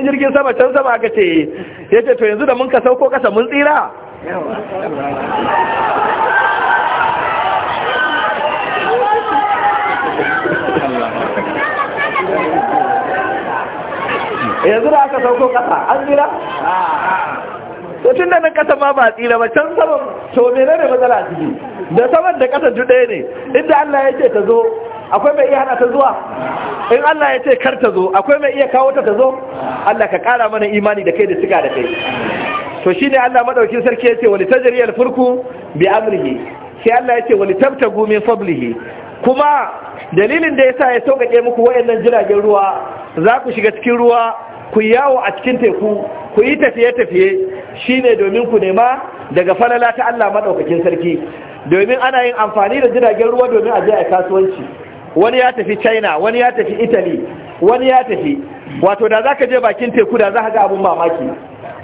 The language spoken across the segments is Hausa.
jirgin sama can sama aka ce ya ce to yanzu da mun ka sauko kasa mun tsira yanzu da aka sauko kasa an tsira tun da nan kasa ma ba tsira ba can sama to ne matsala ciki da saman da kasa juɗe ne inda Allah ya ce ta zo akwai mai iya hada ta zuwa in Allah ya ce kar ta zo akwai mai iya kawo ta ta zo Allah ka kara mana imani da kai da cika da kai to shine Allah madaukin sarki ya ce wali al furku bi amrihi sai Allah ya ce wali tabtagu min fadlihi kuma dalilin da yasa ya sauƙaƙe muku wayannan jiragen ruwa za ku shiga cikin ruwa ku yawo a cikin teku ku yi tafiye-tafiye shine domin ku nema daga falala ta Allah madaukakin sarki domin ana yin amfani da jiragen ruwa domin a je a kasuwanci wani ya tafi china wani ya tafi italy wani ya tafi wato da zaka je bakin teku da zaka ga abin mamaki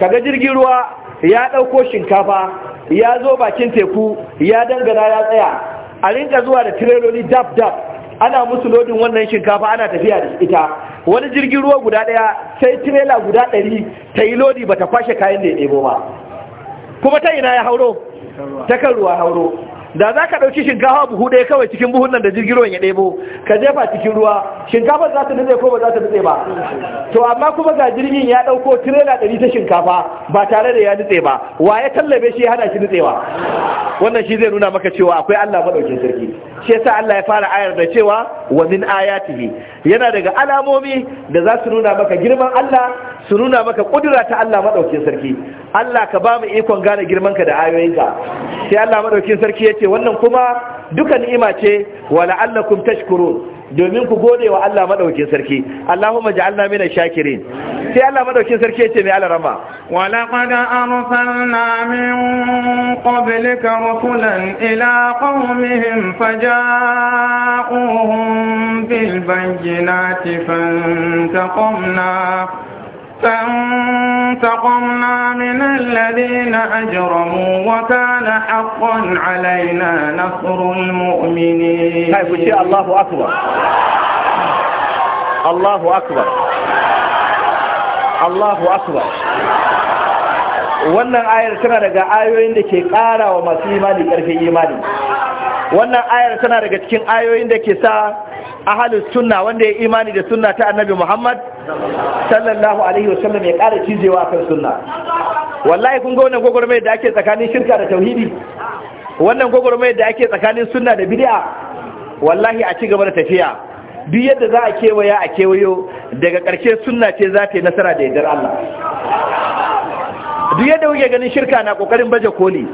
kaga jirgin ruwa ya ɗauko shinkafa ya zo bakin teku ya dangana ya tsaya a rinka zuwa da tireloli dab dab ana musu lodin wannan shinkafa ana tafiya da ita wani jirgin ruwa guda ɗaya sai tirela guda ɗari ta yi lodi ba ta kwashe kayan da ya ɗebo ba kuma ta ina ya hauro ta kan ruwa hauro da za ka ɗauki shinkafa buhu ɗaya kawai cikin buhun nan da jirgin ruwan ya ɗebo ka jefa cikin ruwa shinkafa za ta nutse ko ba za ta nutse ba to amma kuma ga jirgin ya ɗauko tirela ɗari ta shinkafa ba tare da ya nutse ba wa ya tallabe shi ya hana shi nutsewa wannan shi zai nuna maka cewa akwai Allah maɗaukin sarki shi yasa Allah ya fara ayar da cewa wa min ayatihi yana daga alamomi da za su nuna maka girman Allah su nuna maka ƙudura ta Allah maɗaukin sarki Allah ka ba mu ikon gane girman ka da ayoyinka sai Allah maɗaukin sarki ya ce wannan kuma duka ni'ima ce wa la'allakum tashkurun domin ku gode wa Allah maɗaukin sarki Allahumma ja'alna mina shakirin sai Allah maɗaukin sarki yace mai alarama wa laqad arsalna min qablika rusulan ila qaumihim faja'uhum bil bayyinati fantaqamna فانتقمنا من الذين أجرموا وكان حقا علينا نصر المؤمنين هاي كيف الله أكبر الله أكبر الله أكبر wannan ayar tana daga ayoyin da ke ƙara wa masu imani ƙarfin imani wannan ayar tana daga cikin ayoyin da ke sa ahalus sunna wanda ya imani da sunna ta annabi Muhammad sallallahu alaihi wasallam ya kara cijewa akan sunna wallahi kun ga wannan gwagwarmayar da ake tsakanin shirka da tauhidi wannan gwagwarmayar da ake tsakanin sunna da bid'a wallahi a ci gaba da tafiya duk yadda za a kewaya a kewayo daga ƙarshe sunna ce za ta yi nasara da yardar Allah duk yadda kuke ganin shirka na ƙoƙarin baje koli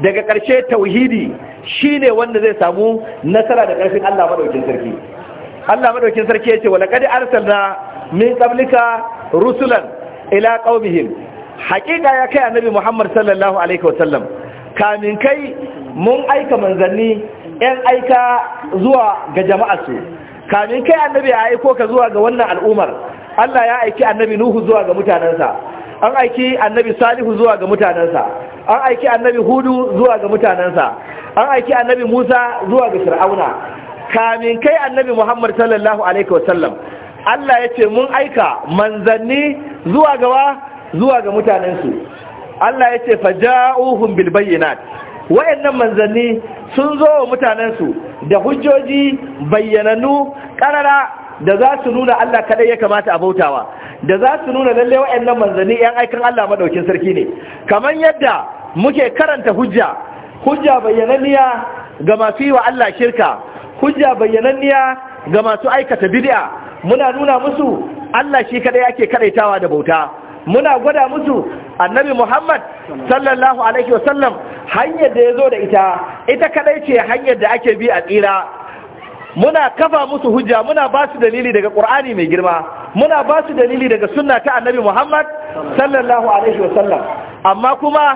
daga ƙarshe tauhidi shine wanda zai samu nasara da ƙarfin Allah madaukin sarki Allah madaukin sarki yace wa laqad arsalna min qablika rusulan ila qaumihim haqiqa ya kai annabi Muhammad sallallahu alaihi sallam kamin kai mun aika manzanni yan aika zuwa ga jama'arsu kamin kai annabi ya aiko ka zuwa ga wannan al'umar Allah ya aiki annabi Nuhu zuwa ga mutanansa. an aiki annabi Salihu zuwa ga mutanansa. an aiki annabi Hudu zuwa ga mutanansa. an aiki annabi Musa zuwa ga Fir'auna kamin kai annabi Muhammad sallallahu alaihi wasallam Allah ya ce mun aika manzanni zuwa gawa zuwa ga mutanensu Allah ya ce faja'uhum bil bayyinat wayannan manzanni sun zo wa mutanensu da hujjoji bayyananu karara da za su nuna Allah kadai ya kamata a bautawa da za su nuna lalle wayannan manzanni yan aikin Allah madaukin sarki ne kamar yadda muke karanta hujja hujja bayyananiya ga masu yi wa Allah shirka hujja bayyananniya ga masu aikata bid'a muna nuna musu Allah shi kaɗai yake kadaitawa da bauta muna gwada musu annabi Muhammad sallallahu alaihi wasallam hanyar da yazo da ita ita kadai ce hanyar da ake bi a tsira muna kafa musu hujja muna ba su dalili daga Qur'ani mai girma muna ba su dalili daga sunna ta annabi Muhammad sallallahu alaihi wasallam amma kuma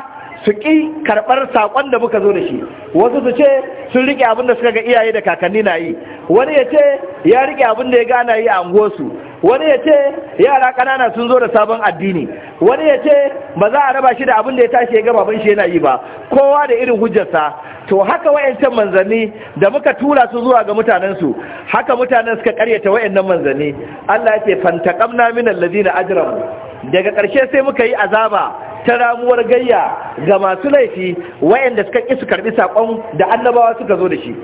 su ƙi karɓar saƙon da muka zo da shi wasu su ce sun riƙe abin da suka ga iyaye da kakanni na yi wani ya ce ya riƙe abin da ya gana yi a unguwarsu wani ya ce yara ƙanana sun zo da sabon addini wani ya ce ba za a raba shi da abin da ya tashi ya gaba abin shi yana yi ba kowa da irin hujjarsa to haka wayancan manzanni da muka tura su zuwa ga mutanensu haka mutanen suka ƙaryata wayannan manzanni Allah ya ce mina minal ladina ajramu daga ƙarshe sai muka yi azaba ta ramuwar gayya ga masu laifi wayanda suka ƙi su karɓi saƙon da annabawa suka zo da shi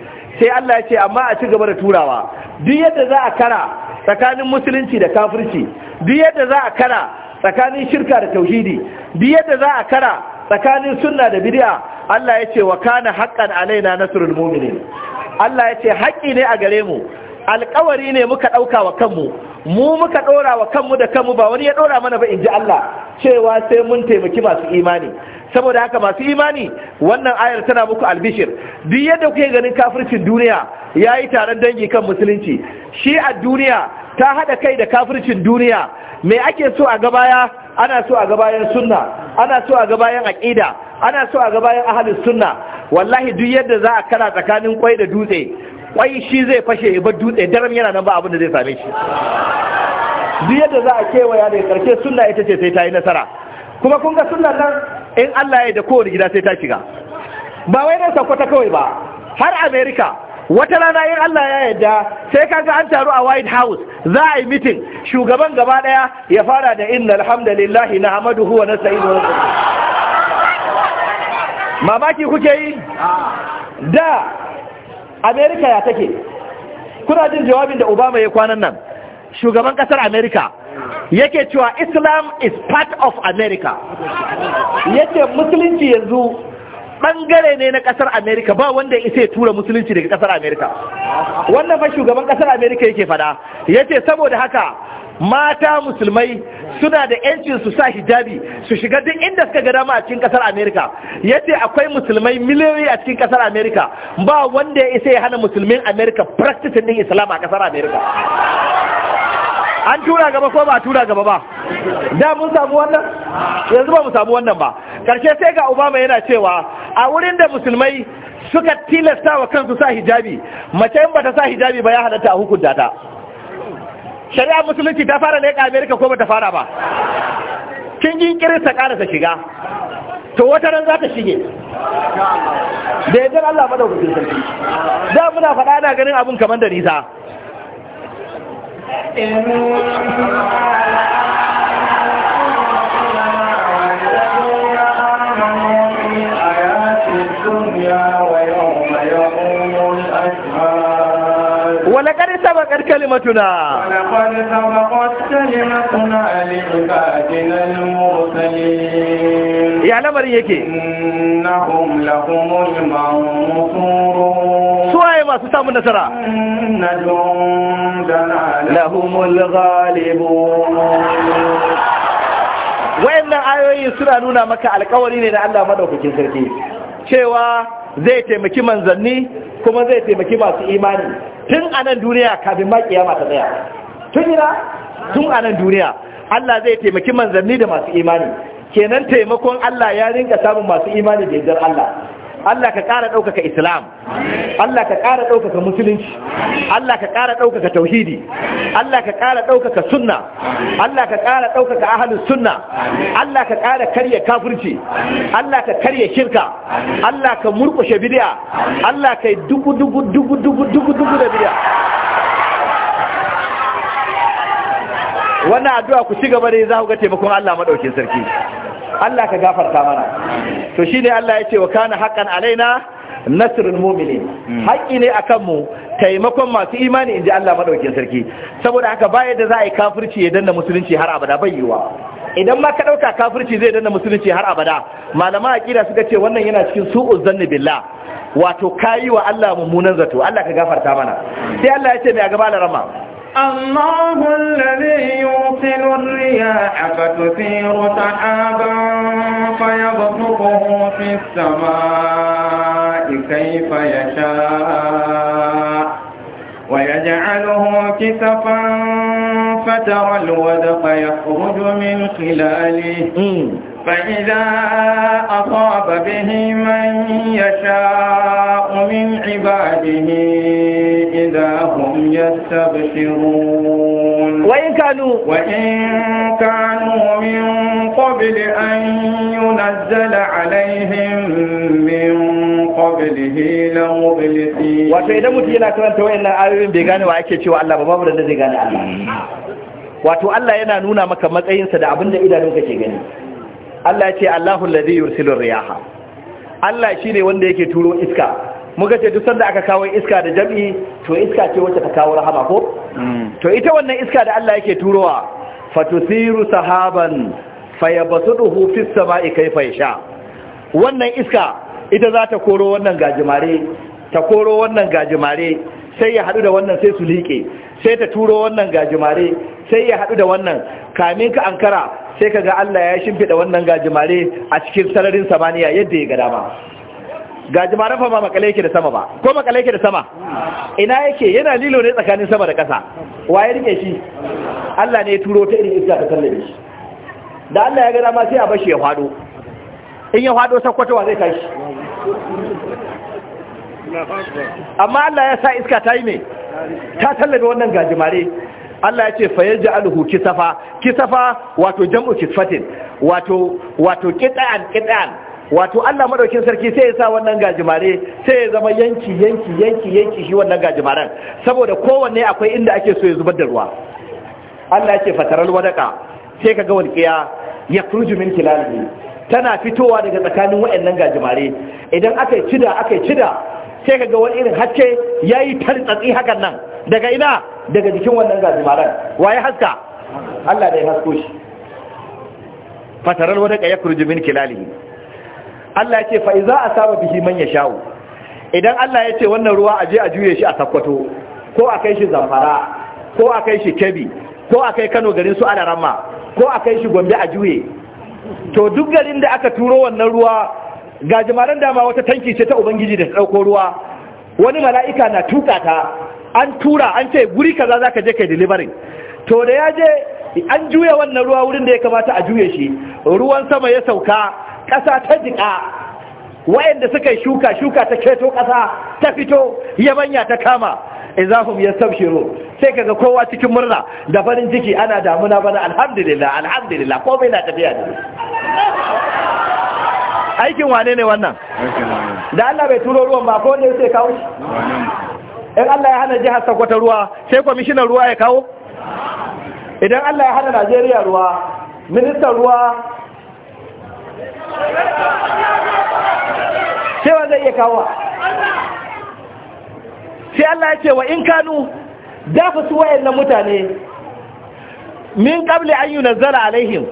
sai Allah ya ce amma a ci gaba da turawa duk yadda za a kara tsakanin musulunci da kafirci duk yadda za a kara tsakanin shirka da tauhidi duk yadda za a kara tsakanin sunna da bid'a Allah ya ce wa kana haqqan alaina nasrul mu'minin Allah ya ce haƙƙi ne a gare mu alkawari ne muka ɗauka wa kanmu mu muka ɗora wa kanmu da kanmu ba wani ya ɗora mana ba in ji Allah cewa sai mun taimaki masu imani saboda haka masu imani wannan ayar tana muku albishir duk yadda kuke ganin kafircin duniya ya yi taron dangi kan musulunci shi a duniya ta haɗa kai da kafircin duniya me ake so a gabaya ana so a gabayan sunna ana so a gabayan aƙida ana so a gabayan ahalin sunna wallahi duk yadda za a kara tsakanin kwai da dutse kwai shi zai fashe ya dutse daram yana nan ba abin da zai same shi duk yadda za a kewaya daga karshe sunna ita ce sai ta yi nasara kuma kun ga sunna nan in Allah ya da kowane gida sai ta shiga ba wai nan sakwata kawai ba har Amerika, wata rana in Allah ya yarda sai kaga an taru a White House za a yi mitin shugaban gaba daya ya fara da inna alhamdulillahi na hamaduhu wa nasta'inu wa mamaki kuke yi da amerika ya take kuna jin jawabin da obama ya kwanan nan shugaban kasar amerika yake cewa islam is part of america yake musulunci yanzu bangare ne na kasar Amerika, ba wanda ya isa tura musulunci daga kasar Amerika. wannan fa shugaban kasar Amerika yake fada yace saboda haka mata musulmai suna da yancin su sa hijabi su shiga duk inda suka ga dama a cikin kasar America yace akwai musulmai miliyoyi a cikin kasar America ba wanda ya isa ya hana musulmin America practicing din Islam a kasar America an tura gaba ko ba tura gaba ba da mun samu wannan yanzu ba mu samu wannan ba karshe sai ga obama yana cewa a wurin da musulmai suka tilasta wa kansu sa hijabi mace in ta sa hijabi ba ya halatta a hukunta ta shari'a musulunci ta fara leƙa amerika ko bata fara ba kin yi kirista karasa shiga to wata ran za ta shige da ya jan allah madaukakin sarki da muna faɗa ana ganin abin kamar da nisa faɗar kalimatuna ya lamarin yake suwaye masu samun nasara wa'annan ayoyin suna nuna maka alkawari ne na Allah madaukakin sarki cewa zai taimaki manzanni kuma zai taimaki masu imani tun anan nan duniya kafin ma kiyama ta tsaya tun ina tun a duniya Allah zai taimaki manzanni da masu imani kenan taimakon Allah ya rinka samun masu imani da yadda Allah Allah ka ƙara ɗaukaka Islam, Allah ka ƙara ɗaukaka Musulunci, Allah ka ƙara ɗaukaka Tauhidi, Allah ka ƙara ɗaukaka Sunna, Allah ka ƙara ɗaukaka Ahalus Sunna, Allah ka ƙara karya kafirci, Allah ka karya shirka, Allah ka murƙushe bidiya, Allah ka yi dugu dugu dugu dugu da bidiya. Wannan addu'a ku ci gaba da za ku ga taimakon Allah maɗaukin sarki. Allah ka gafarta mana to ne Allah ya ce wa kana haqqan alaina nasirin mumini haƙi ne akan mu taimakon masu imani in ji Allah maɗaukin sarki saboda haka baya da za a yi kafirci ya danna musulunci har abada bai yiwa idan ma ka ɗauka kafirci zai danna musulunci har abada malama ƙira suka ce wannan yana cikin su'uz zanni billah wato kayi wa Allah mummunan zato Allah ka gafarta mana sai Allah ya ce mai a gaba da rama الله الذي يرسل الرياح فتثير سحابا فيبسطه في السماء كيف يشاء ويجعله كسفا فترى الودق يخرج من خلاله فإذا أصاب به من يشاء من عباده إذا هم يستبشرون وإن كانوا وإن كانوا من قبل أن ينزل عليهم من qablihi la mublisin wato idan mutum yana karanta wayannan ayoyin bai gane wa cewa Allah da Allah wato Allah yana nuna maka matsayinsa da abinda idanunka ke gani Allah ya ce Allahu ladi yursilu riyaha Allah shi ne wanda yake turo iska muka ce duk sanda aka kawo iska da jam'i to iska ce wacce ta kawo rahama ko mm. to ita wannan iska da Allah yake turowa fatusiru sahaban fayabsuduhu fis sama'i kayfa yasha wannan iska ita za ta koro wannan gajimare ta koro wannan gajimare sai ya haɗu da wannan sai su liƙe sai ta turo wannan gajimare sai ya haɗu da wannan kamin ka ankara sai ka ga Allah ya shimfiɗa wannan gajimare a cikin sararin samaniya yadda ya gada ma. gajimare fama makale yake da sama ba ko makale yake da sama ina yake yana lilo ne tsakanin sama da ƙasa waye rike shi Allah ne ya turo ta irin iska ta sallabe shi da Allah ya gada ma sai a bashi ya fado in ya fado wa zai tashi amma Allah ya sa iska ta yi mai ta tallabe wannan gajimare Allah ya ce fayar alhu kisafa kisafa wato jam'u kisfatin wato wato kit'an kit'an wato Allah madaukin sarki sai ya sa wannan gajimare sai ya zama yanki yanki yanki yanki shi wannan gajimaren saboda kowanne akwai inda ake so ya zubar da ruwa Allah ya ce fataral wadaka sai kaga walqiya yakhruju min kilalihi tana fitowa daga tsakanin waɗannan gajimare idan aka cida aka cida sai ka ga wani irin haske ya yi tartsatsi hakan nan daga ina daga jikin wannan gajimaran waye haska Allah da ya hasko shi fataral wata kaya kurji min kilali Allah ya ce fa iza asaba bihi man yashau idan Allah ya ce wannan ruwa aje a juye shi a sakkwato ko a kai shi zamfara ko a kai shi kebi ko a kai Kano garin su adarama ko a kai shi Gombe a juye to duk garin da aka turo wannan ruwa ga jimaren dama wata tanki ce ta ubangiji da ta ɗauko ruwa wani mala'ika na tuka ta an tura an ce guri kaza za ka je kai delivery to da ya je an juya wannan ruwa wurin da ya kamata a juye shi ruwan sama ya sauka ƙasa ta jiƙa wayanda suka yi shuka shuka ta keto ƙasa ta fito yabanya ta kama izahum yastabshiru sai kaga kowa cikin murna da farin ciki ana damuna bana alhamdulillah alhamdulillah komai na tafiya ne aikin wane ne wannan da Allah bai turo ruwan ba ko ne sai kawo shi in Allah ya hana jihar Sokoto ruwa sai kwamishinan ruwa ya kawo idan Allah ya hana Najeriya ruwa ministan ruwa cewa zai iya kawo sai Allah ya ce wa in kanu dafa su wayannan mutane min qabli an yunzala alaihim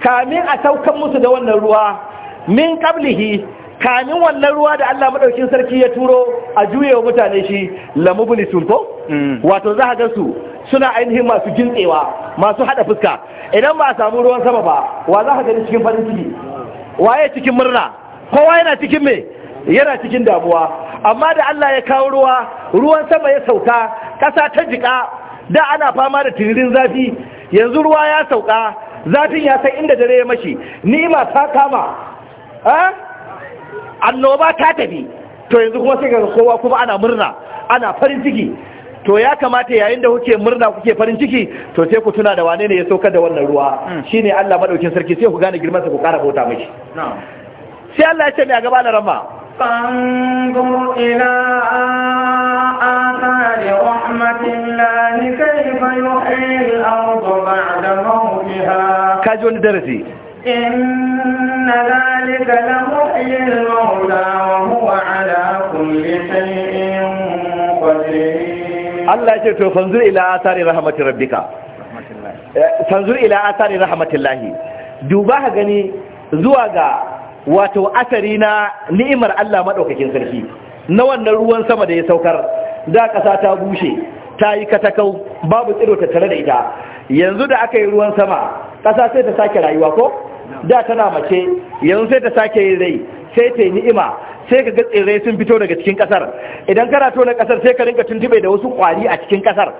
kamin a saukan musu da wannan ruwa min kablihi kamin wannan ruwa da Allah madaukin sarki ya turo a juyewa mutane shi lamublisun ko mm. wato za ka su suna ainihin masu gintsewa masu hada fuska idan ba a samu ruwan sama ba wa za ka gani cikin farin ciki waye cikin murna kowa yana cikin me yana cikin damuwa amma da Allah ya kawo ruwa ruwan sama ya sauka kasa ta jika da ana fama da tiririn zafi yanzu ruwa ya sauka zafin ya san inda dare ya mashi Ni ma ta kama annoba ta tafi to yanzu kuma sai ga kowa kuma ana murna ana farin ciki to ya kamata yayin da kuke murna kuke farin ciki to sai ku tuna da wane ne ya saukar da wannan ruwa hmm. shine Allah madaukin sarki sai ku gane girman sa ku ƙara bauta mishi sai Allah ya ce mai gaba da rama Kaji wani darasi. إن ذلك لمحي المولى وهو على كل شيء قدير الله يجب فانظر إلى آثار رحمة ربك فانظر إلى آثار رحمة الله دوباها gani zuwa ga wato asari na ni'imar Allah madaukakin sarki na wannan ruwan sama da ya saukar da ƙasa ta bushe ta yi katakau babu tsiro ta tare da ita yanzu da aka yi ruwan sama ƙasa sai ta sake rayuwa ko da tana mace yanzu sai ta sake yin rai sai ta yi ni'ima sai ka ga tsirrai sun fito daga cikin kasar idan kana tona kasar sai ka rinka tuntube da wasu kwari a cikin kasar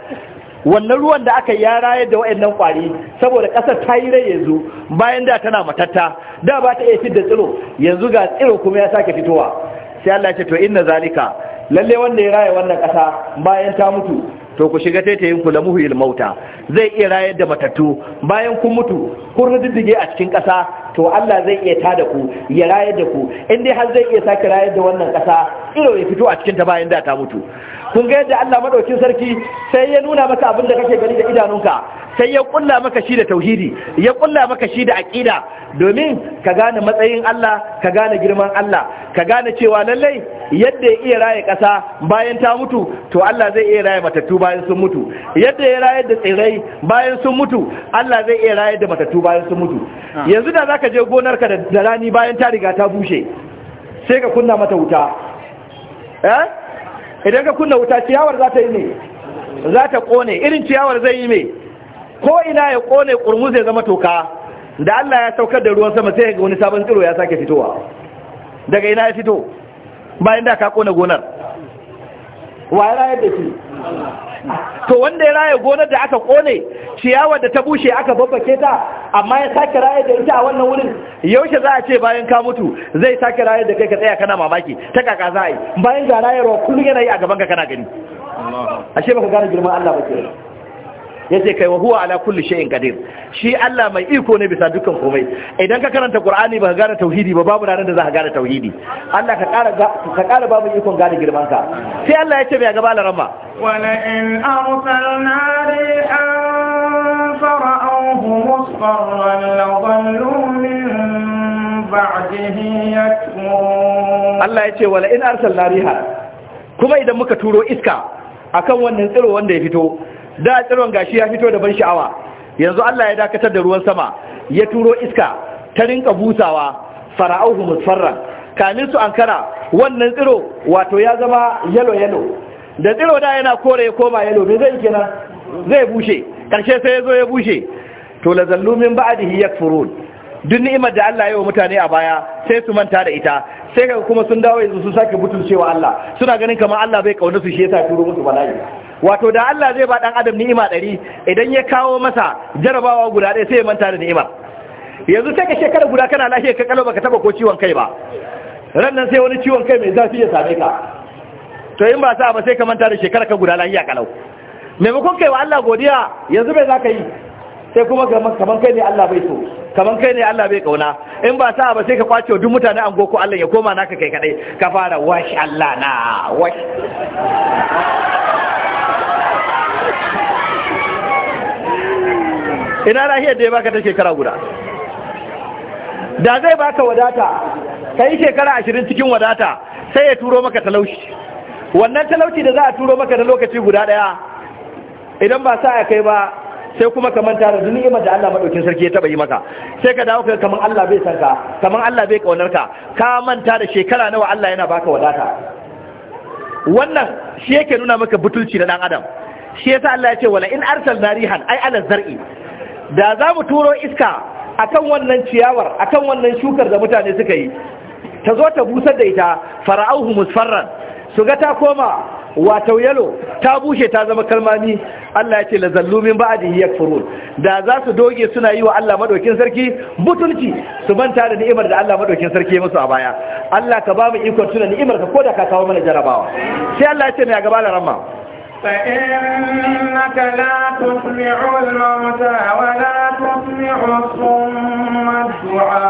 wannan ruwan da aka ya rayar da wayannan kwari saboda kasar ta yi rai yanzu bayan da tana matatta da ba ta iya fitar da tsiro yanzu ga tsiro kuma ya sake fitowa sai Allah ce to inna zalika lalle wanda ya raya wannan kasa bayan ta mutu to ku shiga taita yin kula muhu ilmauta zai iya rayar da matattu bayan kun mutu kun riddige a cikin ƙasa to Allah zai iya ta da ku ya rayar da ku in dai har zai iya sake rayar da wannan ƙasa iro ya fito a cikin ta bayan da ta mutu kun ga yadda Allah madaukin sarki sai ya nuna maka abin da kake gani da idanunka sai ya kulla maka shi da tauhidi ya kulla maka shi da aqida domin ka gane matsayin Allah ka gane girman Allah ka gane cewa lallai yadda ya iya raye ƙasa bayan ta mutu to Allah zai iya raye matattu bayan sun mutu yadda ya raye da tsirai bayan sun mutu Allah zai iya raye da matattu bayan sun mutu ah. yanzu da zaka je gonarka da rani bayan ta riga ta bushe sai ka kunna mata wuta eh idan ka kunna wuta ciyawar za ta yi ne za ta kone irin ciyawar zai yi me ko ina ya kone kurmus ya zama toka da Allah ya saukar da ruwan sama sai ga wani sabon tsiro ya sake fitowa daga ina ya fito bayan da ka kona gonar wa ya rayar da shi to wanda ya raya gonar da aka kone ciyawar da ta bushe aka babbake ta amma ya sake raya da ita a wannan wurin yaushe za a ce bayan ka mutu zai sake raya da kai ka tsaya kana mamaki ta kaka za a yi bayan ga rayarwa kullum yana a gaban ka kana gani ashe baka gane girman Allah ba ke Ya ce kai wa huwa ala kulli shay'in qadir shi Allah mai iko ne bisa dukkan komai idan ka karanta Qur'ani ka gane tauhidi ba babu ranar da za ka gane tauhidi Allah ka ƙara ka ƙara babu ikon gane girman ka sai Allah ya ce mai gaba ramma wala in arsalna rihan fara'uhu musfarran law min ba'dihi yakfurun Allah ya ce wala in arsalna rihan kuma idan muka turo iska akan wannan tsiro wanda ya fito da tsirwan gashi ya fito da ban sha'awa yanzu Allah ya dakatar da ruwan sama ya turo iska ta rinka busawa fara'auhu musfarran kamin su ankara wannan tsiro wato ya zama yalo yalo da tsiro da yana kore ya koma yalo me zai kina zai bushe karshe sai ya zo ya bushe to la zallu min ba'dihi yakfurun duk ni'imar da Allah ya wa mutane a baya sai su manta da ita sai kuma sun dawo yanzu sun sake butulcewa Allah suna ganin kamar Allah bai kauna su shi yasa turo musu bala'i wato da Allah zai ba dan adam ni'ima ɗari idan ya kawo masa jarabawa guda ɗaya sai ya manta da ni'ima yanzu sai ka shekara guda kana lafiya ka kalo baka taba ko ciwon kai ba ran nan sai wani ciwon kai mai zafi ya same ka to in ba sa ba sai ka manta da shekara ka guda lafiya kalau maimakon kai wa Allah godiya yanzu bai za ka yi sai kuma kaman kai ne Allah bai so kaman kai ne Allah bai kauna in ba sa ba sai ka kwace duk mutane an goko Allah ya koma naka kai kadai ka fara wash Allah na wash ina lahiyar da ya baka ta shekara guda da zai baka wadata ka yi shekara ashirin cikin wadata sai ya turo maka talauci wannan talauci da za a turo maka da lokaci guda daya idan ba sa ya kai ba sai kuma ka manta da ni'imar da Allah madaukin sarki ya taba yi maka sai ka dawo kai kaman Allah bai san ka kaman Allah bai kaunar ka ka manta da shekara nawa Allah yana baka wadata wannan shi yake nuna maka butulci na dan adam shi yasa Allah ya ce wala in arsal narihan ai ala zar'i da za mu turo iska akan wannan ciyawar akan wannan shukar da mutane suka yi ta zo ta busar da ita fara'uhu musfarran su ga ta koma wato yalo ta bushe ta zama kalmami Allah ya ce la zallumin ba'di yakfurun da za su doge suna yi wa Allah madaukin sarki butulci su manta da ni'imar da Allah madaukin sarki ya musu a baya Allah ka ba mu ikon tuna ni'imar ka koda ka kawo mana jarabawa sai Allah ya ce mai gaba da ramma فإنك لا تسمع الموتى ولا تسمع الصم الدعاء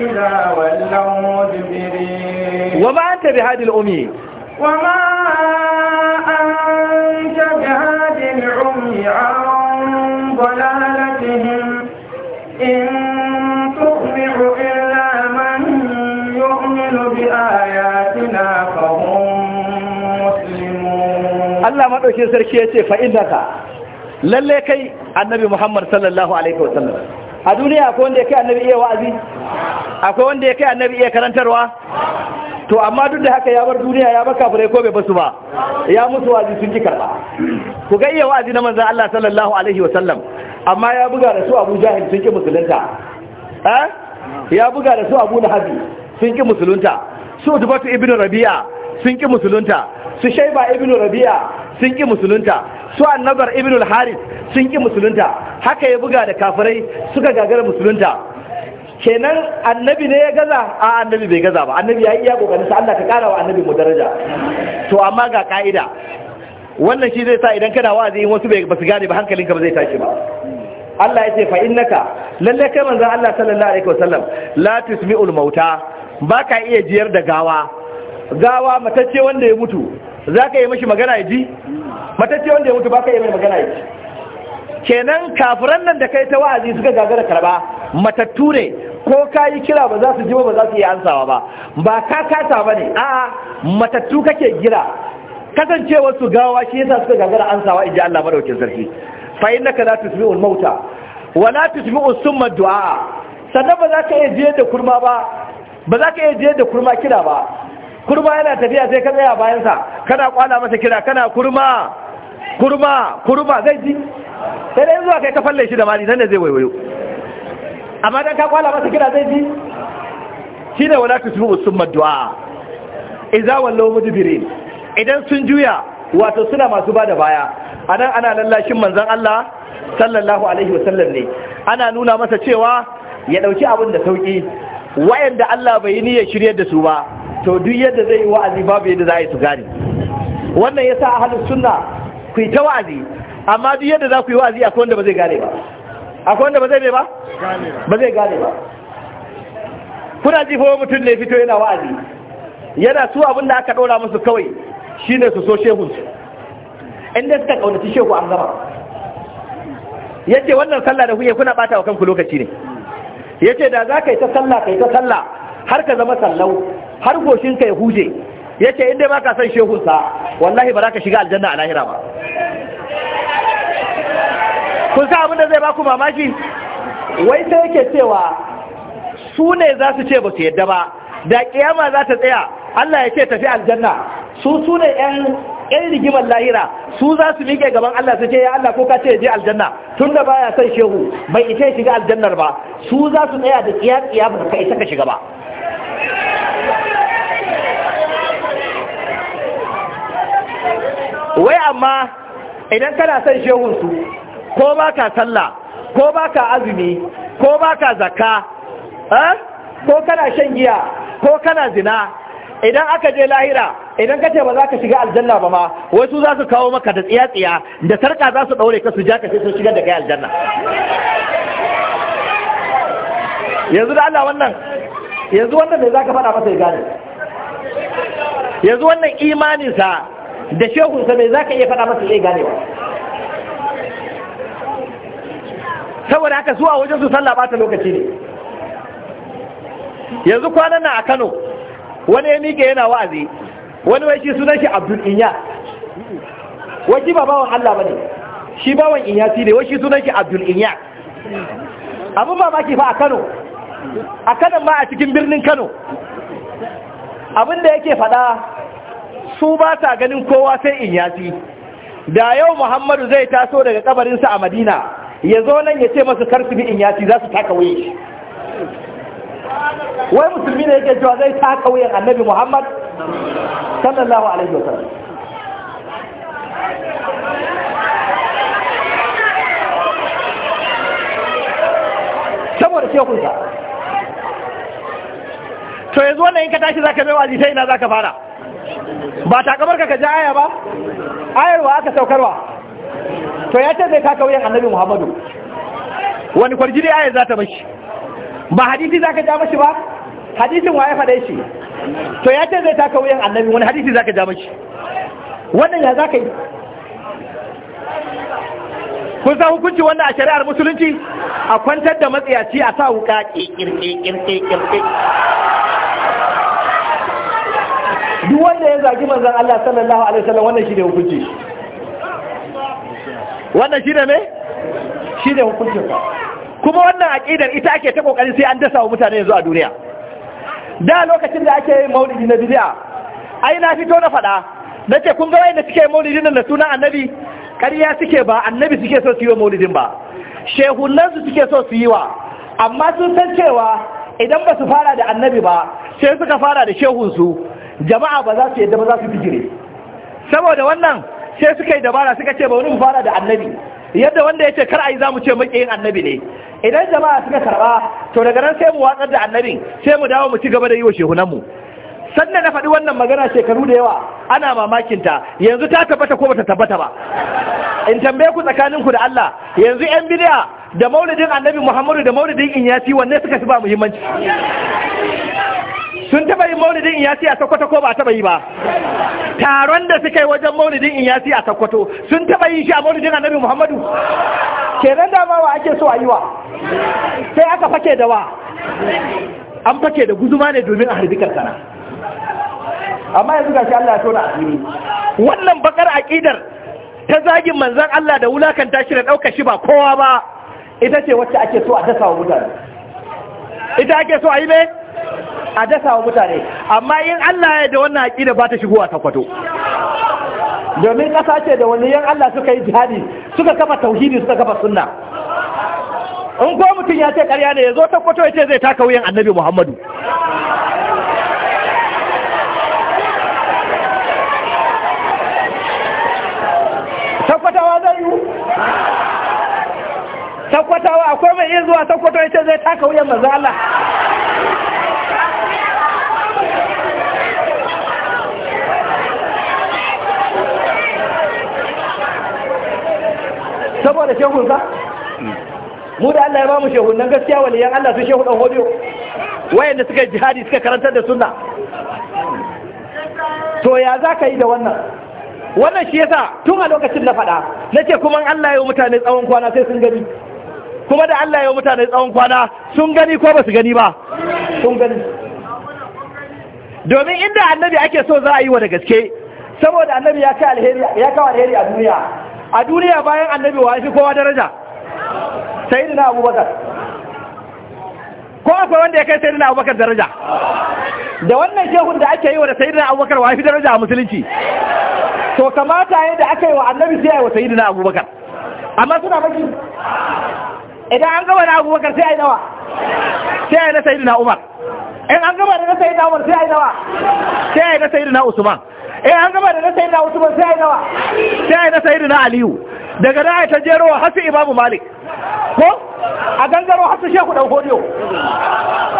إذا ولوا مدبرين وما أنت بهذه الأمي وما أنت بهذه العمي عن ضلالتهم إن تسمع إلا من يؤمن بآياتنا فهم Allah maɗaukin sarki ya ce ka, lalle kai annabi Muhammad sallallahu Alaihi wasallam a duniya akwai wanda ya kai annabi iya wa'azi akwai wanda ya kai annabi iya karantarwa to amma duk da haka ya bar duniya ya bar fure ko bai basu ba ya musu wa'azi sun ki karɓa? ku ga iya wa'azi na manzan Allah sallallahu alaihi wa sallam amma ya buga da su Abu Jahil sun ki musulunta ya buga da su Abu Lahab sun ki musulunta su Dubatu ibn Rabi'a sun ki musulunta su shaiba ibn rabi'a sun ki musulunta su annabar ibn al-harith sun ki musulunta haka ya buga da kafirai suka gagara musulunta kenan annabi ne ya gaza a annabi bai gaza ba annabi ya iya kokarin sa Allah ka kara wa annabi mu daraja to amma ga ka'ida wannan shi zai sa idan kana wa'azi in wasu ba su gane ba hankalinka ba zai tashi ba Allah ya ce fa innaka lalle kai manzo Allah sallallahu alaihi wasallam la tusmi'ul mauta baka iya jiyar da gawa gawa matacce wanda ya mutu za ka yi mashi magana ya ji matacce wanda ya mutu ba ka yi mai magana ya ji kenan kafiran nan da kai ta wa'azi suka gagara karba matattu ne ko ka yi kira ba za su ji ba ba za su yi ansawa ba ba ka kata ba ne a matattu kake gira kasancewar su gawa shi yasa suka gagara ansawa in ji Allah madaukin sarki fa innaka la tusmi'ul mauta wa la tusmi'u summa du'a sannan ba za ka iya jiye da kurma ba ba za ka iya jiye da kurma kira ba kurma yana tafiya sai ka tsaya bayansa kana kwana masa kira kana kurma kurma kurma zai ji sai dai zuwa kai ka falle shi da mali nan ne zai waiwayo amma dan ka kwana masa kira zai ji ne wala tusbu summa du'a idza wallahu mudbirin idan sun juya wato suna masu bada baya anan ana lallashin manzon Allah sallallahu alaihi wasallam ne ana nuna masa cewa ya dauki abin da sauki wayanda Allah bai yi niyyar shiryar da su ba to duk yadda zai yi wa'azi babu yadda za a yi su gane wannan ya a halin suna ku yi ta wa'azi amma duk yadda za ku yi wa'azi akwai wanda ba zai gane ba akwai wanda ba zai ba ba zai gane ba kuna ji fa mutum ne fito yana wa'azi yana su abin da aka ɗora musu kawai shine su so shehu su inda suka ƙaunaci shehu an gama yace wannan sallah da kuke kuna bata wa kanku lokaci ne yace da za ka yi ta sallah ka yi ta sallah har ka zama sallau har goshin ka ya huje yace inda ba ka san shehun sa wallahi ba za ka shiga aljanna a lahira ba kun sa abin da zai baku mamaki wai sai yake cewa su ne za su ce ba su yadda ba da kiyama za ta tsaya Allah ya ce tafi aljanna su su ne yan yan rigimar lahira su za su miƙe gaban Allah su ce ya Allah ko ka ce je aljanna tunda baya son shehu bai ita shiga aljannar ba su za su tsaya da tsiya tsiya ba ka isa ka shiga ba wai amma idan kana son shehunsu ko ba ka sallah ko ba ka azumi ko ba ka zakka ko kana shan giya ko kana zina idan aka je lahira idan ka ce ba za ka shiga aljanna ba ma su za su kawo maka da tsiya-tsiya da sarka za su ɗaure ka su ja ka sai sun shiga da kai aljanna yanzu da Allah wannan yanzu wannan mai za ka faɗa masa ya gane yanzu wannan imaninsa da shehunsa mai za ka iya faɗa masa zai ganewa saboda haka zuwa wajen su sallah ba ta lokaci ne yanzu kwanan na a kano wani ya miƙe yana wa'azi wani wai shi sunan shi abdul inya wai ba bawan allah ba ne shi bawan inya shi ne wai shi sunan shi abdul inya abin mamaki fa a kano a kanan ma a cikin birnin kano abin da yake faɗa su ba sa ganin kowa sai in yasi da yau muhammadu zai taso daga kabarinsa a madina ya zo nan ya ce masu karfi bi in yasi za su taka wuye wai musulmi ne yake cewa zai taka waye annabi muhammad sallallahu alaihi wasallam saboda shekunsa to yanzu wannan in ka tashi ka mai wazi na ina ka fara ba ta takamar ka ji aya ba ayarwa aka saukarwa to ya ce zai taka wuyan annabi muhammadu wani kwarjini aya za ta bashi ba hadisi za ka ja mashi ba hadisin wa ya shi to ya ce zai taka wuyan annabi wani hadisi za ka ja mashi wannan ya za ka yi kun sa hukunci wannan a shari'ar musulunci a kwantar da matsiyaci a sa wuka ƙirƙirƙirƙirƙirƙir duk wanda ya zagi manzan Allah sallallahu alaihi wasallam wannan shi ne hukunci wannan shi ne me shi ne hukuncin ka kuma wannan aƙidar ita ake ta ƙoƙarin sai an dasa wa mutane yanzu a duniya da lokacin da ake yin maulidi na bidiya ai na fito na na nace kun ga wanda suke maulidin nan da sunan annabi ƙarya suke ba annabi suke so su yi wa maulidin ba shehunansu suke so su yi wa amma sun san cewa idan ba su fara da annabi ba sai suka fara da su. jama'a ba za su yadda ba za su bijire saboda wannan sai suka yi dabara suka ce ba wani fara da annabi yadda wanda ya ce kar a yi za mu ce maƙiyin annabi ne idan jama'a suka karɓa to daga nan sai mu watsar da annabi sai mu dawo mu ci gaba da yi wa shehunanmu sannan na faɗi wannan magana shekaru da yawa ana mamakinta yanzu ta tabbata ko bata tabbata ba in tambaye ku tsakanin ku da Allah yanzu yan bidiya da maulidin annabi Muhammadu da maulidin inyasi wanne suka fi ba muhimmanci sun taba yi maulidin iyasi a sakwato ko ba a taba yi ba taron da suka yi wajen maulidin iyasi a sakwato sun taba yi shi a maulidin annabi muhammadu kenan dama wa ake so a yi wa sai aka fake da wa an fake da guzuma ne domin a harbi karkara amma yanzu shi Allah ya tona asiri wannan bakar ƙidar ta zagin manzon Allah da wulakanta shi da ɗauka shi ba kowa ba ita ce wacce ake so a dasa wa mutane ita ake so a yi mai a dasa wa mutane amma yin Allah ya da wannan aƙida ba ta shigo a takwato domin ƙasa ce da wani yin Allah suka yi jihadi suka kafa tauhidi suka kafa sunna in ko mutum ya ce ƙarya ne ya zo takwato ya ce zai taka wuyan annabi Muhammadu kwatawa akwai mai iya zuwa sokoto ya ce zai taka wuyan maza Allah saboda shehunsa mu da Allah ya ba mu shehunan gaskiya waliyan Allah su shehu dan wayan wayanda suka jihadi suka karantar da suna. to ya za ka yi da wannan wannan shi yasa tun a lokacin na faɗa na ce kuma Allah ya yi mutane tsawon kwana sai sun gani kuma da Allah ya yi mutane tsawon kwana sun gani ko ba su gani ba sun gani domin inda annabi ake so za a yi wa da gaske saboda annabi ya kai alheri ya kawo alheri a duniya a duniya bayan annabi wa shi kowa daraja sayyidina abubakar ko akwai wanda ya kai sayyidina abubakar daraja da wannan shehun da ake yi wa da sayyidina abubakar wa shi daraja a musulunci to kamata yadda aka yi wa annabi sai ya yi wa sayyidina abubakar amma suna baki idan an gaba da abubakar sai a yi dawa sai a yi na sayidina umar in an gaba da na sayidina umar sai a yi dawa sai a yi na sayidina usman in an gaba da na sayidina usman sai a yi dawa sai a yi na sayidina aliyu daga da ta jero hasu imamu malik ko a gangaro hasu shehu dan horiyo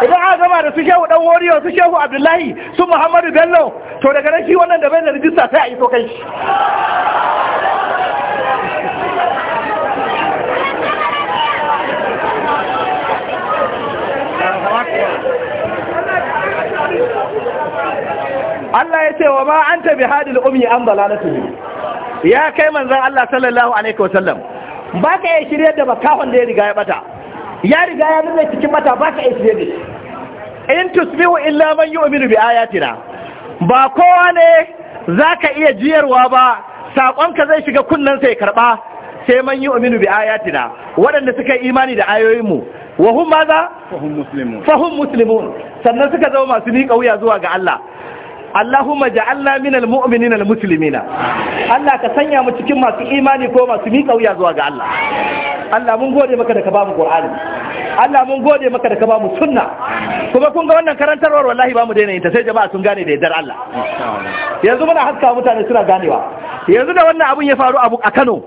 idan an gaba da su shehu dan horiyo su shehu abdullahi su muhammadu bello to daga nan shi wannan da bai da rijista sai a yi so kai Allah ya ce wa ma an anta bihadil umi an dalalatuhu ya kai manzan Allah sallallahu alaihi wasallam baka yi shirye da bakahon da ya riga ya bata ya riga ya nuna cikin bata baka yi shirye da in tusbihu illa man yu'minu bi ayatina ba kowa ne zaka iya jiyarwa ba sakonka zai shiga kunnan sai karba sai man yu'minu bi ayatina waɗanda suka yi imani da ayoyinmu wa hum maza fahum muslimun sannan suka zama masu ni wuya zuwa ga Allah Allahumma ja'alna minal mu'minina al muslimina Allah ka sanya mu cikin masu imani ko masu miƙa wuya zuwa ga Allah Allah mun gode maka da ka bamu Qur'ani Allah mun gode maka da ka bamu sunna kuma kun ga wannan karantarwar wallahi bamu daina yin ta sai jama'a sun gane da yardar Allah yanzu muna haska mutane suna ganewa yanzu da wannan abun ya faru abu a Kano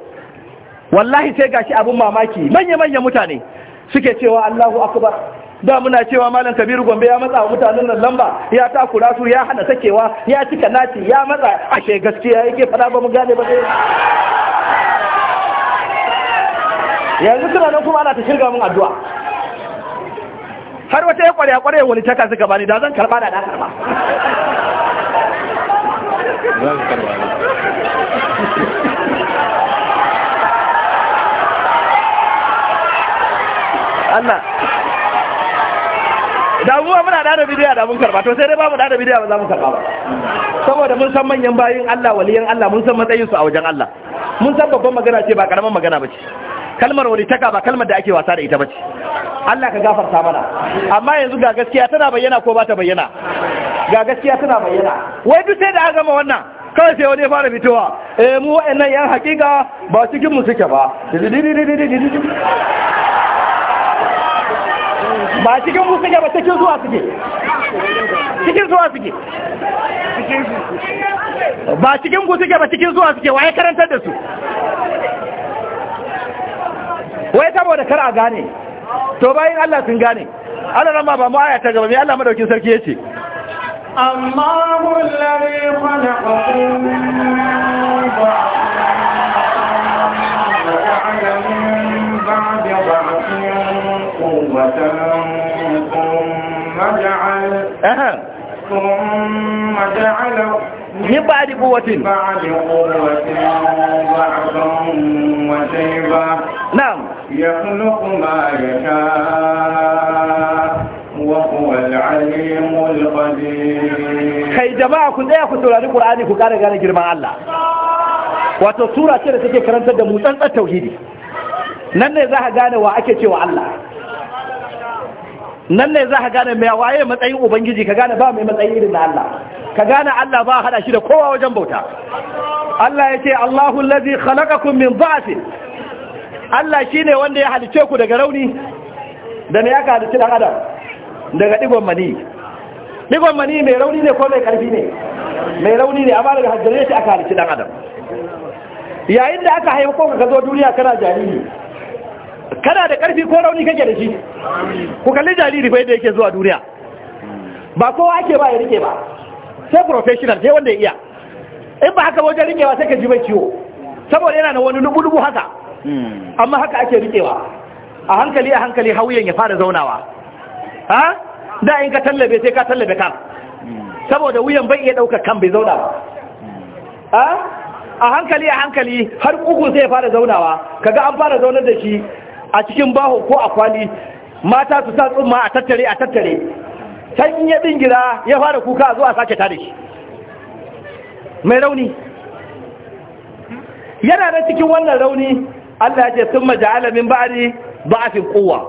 wallahi sai gashi abun mamaki manya manya mutane suke cewa Allahu akbar da muna cewa malam kabiru gombe ya matsa wa mutanen nan lamba ya takura su ya hana sakewa ya cika nati ya matsa ashe gaskiya yake fada ba mu gane ba sai yanzu suna nan kuma ana ta shirga mun addu'a har wata ya kwarya kwarya wani taka suka bani da zan karba da na karba Allah da abubuwa muna da bidiya da mun karba to sai dai ba mu da bidiya ba za mu karba ba saboda mun san manyan bayin Allah waliyan Allah mun san matsayin su a wajen Allah mun san babban magana ce ba karaman magana bace kalmar taka ba kalmar da ake wasa da ita bace Allah ka gafarta mana amma yanzu ga gaskiya tana bayyana ko ba ta bayyana ga gaskiya tana bayyana wai duk sai da aka gama wannan kawai sai wani ya fara fitowa eh mu wa'annan yan hakika ba cikin mu suke ba ba cikin musu suke ba cikin zuwa suke cikin zuwa suke ba cikin musu ba cikin zuwa suke waye karantar da su wai saboda kar a gane to bayan Allah sun gane Allah rama ba mu aya ta gaba mai Allah madaukin sarki yace Allahu alladhi khalaqakum min ثم جعل من بعد قوة من بعد قوة ضعفا وشيبا نعم يخلق ما يشاء وهو العليم القدير kai jama'a kun tsaya ku saurari Qur'ani ku kare gane girman Allah wato sura ce da take karantar da mu tsantsar tauhidi nan ne za ka gane wa ake cewa Allah nan ne za ka gane mai waye matsayin ubangiji ka gane ba mai matsayi irin na Allah ka gane Allah ba hada shi da kowa wajen bauta Allah ya ce Allahu allazi khalaqakum min dha'fin Allah shine wanda ya halice ku daga rauni da ne aka halice dan adam daga digon mani digon mani mai rauni ne ko mai karfi ne mai rauni ne amma daga hajjare shi aka halice dan adam yayin da aka haifo ko ka zo duniya kana jariri kana da ƙarfi ko rauni kake da shi ku kalli jariri fa yadda yake zuwa duniya ba kowa ake ba ya rike ba sai professional sai wanda ya iya in ba haka wajen rikewa sai ka ji mai ciwo saboda yana da wani lubu-lubu haka hmm. amma haka ake rikewa a hankali a hankali hauyen ya fara zaunawa ha da in ka tallabe sai ka tallabe kan hmm. saboda wuyan bai iya ɗaukar kan bai zauna ba a hankali a hankali har uku sai ya fara zaunawa kaga an fara zaunar da shi a cikin baho ko a kwali mata su sa tsumma a tattare a tattare sai in ya dingira ya fara kuka a zo a sake tare shi mai rauni yana da cikin wannan rauni Allah ya ce sun maja'ala min ba'ari ba'afin kowa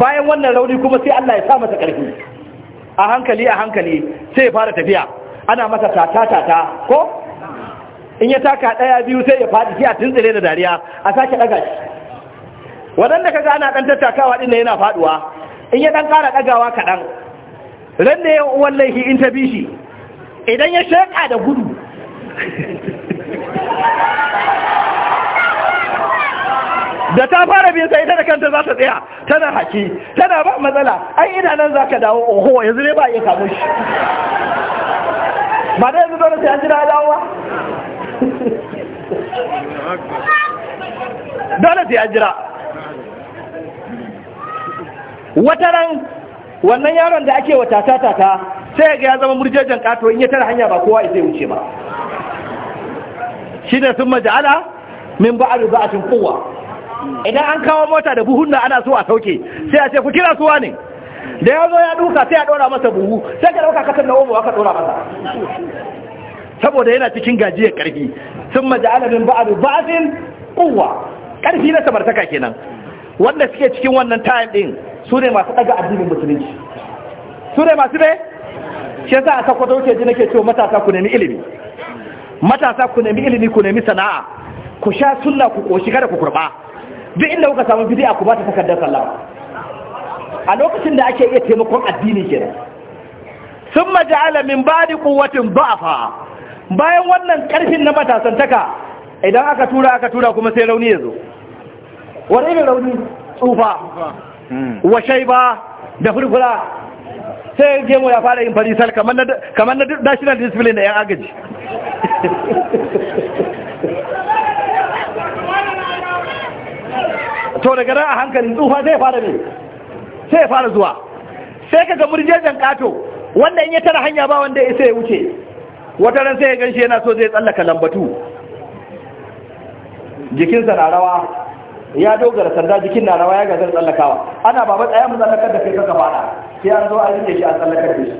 bayan wannan rauni kuma sai Allah ya sa masa ƙarfi a hankali a hankali sai ya fara tafiya ana masa tata-tata ko in ya taka ɗaya biyu sai ya faɗi sai a tuntsire da dariya a sake ɗaga shi waɗanda ka ana ɗan tattakawa ɗin yana faɗuwa in ya ɗan ƙara ɗagawa kaɗan ran da yau uwan laifi in ta bi shi idan ya shaƙa da gudu da ta fara biyan sai ita da kanta za ta tsaya tana haƙi tana ba matsala ai ina nan za ka dawo oho yanzu ne ba yi kamo shi ba da yanzu dole sai an jira dawo ba dole sai an jira wata ran wannan yaron da ake wa tata ta sai ga ya zama murjejen kato in ya tara hanya ba kowa zai wuce ba shi da sun maja'ala min ba a ruba'atin kowa idan an kawo mota da buhun na ana so a sauke sai a ce ku kira suwa ne da ya zo ya duka sai a dora masa buhu sai ka dauka katon na omo ka dora masa saboda yana cikin gajiyar karfi sun maja'ala min ba a ruba'atin kowa karfi na samartaka kenan wanda suke cikin wannan time din su ne masu daga addinin musulunci su ne masu ne shi yasa a sakwato ke ji nake cewa matasa ku nemi ilimi matasa ku nemi ilimi ku nemi sana'a ku sha sunna ku koshi kada ku kurba duk inda kuka samu bid'a ku ba ta takardar sallah a lokacin da ake iya taimakon addini kenan sun maja'ala min ba'di quwwatin baafa bayan wannan karfin na matasantaka idan aka tura aka tura kuma sai rauni ya zo wani irin rauni tsufa Hmm. wa shaiba da furfura sai gemu ya fara yin farisal kamar na national discipline da yan agaji to daga nan a hankalin tsufa zai fara ne sai fara zuwa sai ka ga murjejen kato wanda in ya tara hanya ba wanda ya sai ya wuce wata ran sai ya ganshi yana so zai tsallaka lambatu jikinsa na rawa ya dogara sanda jikin na rawa ya gazar tsallakawa ana baba tsaye mu tsallakar da kai ka gaba sai an zo an rike shi a tsallakar da shi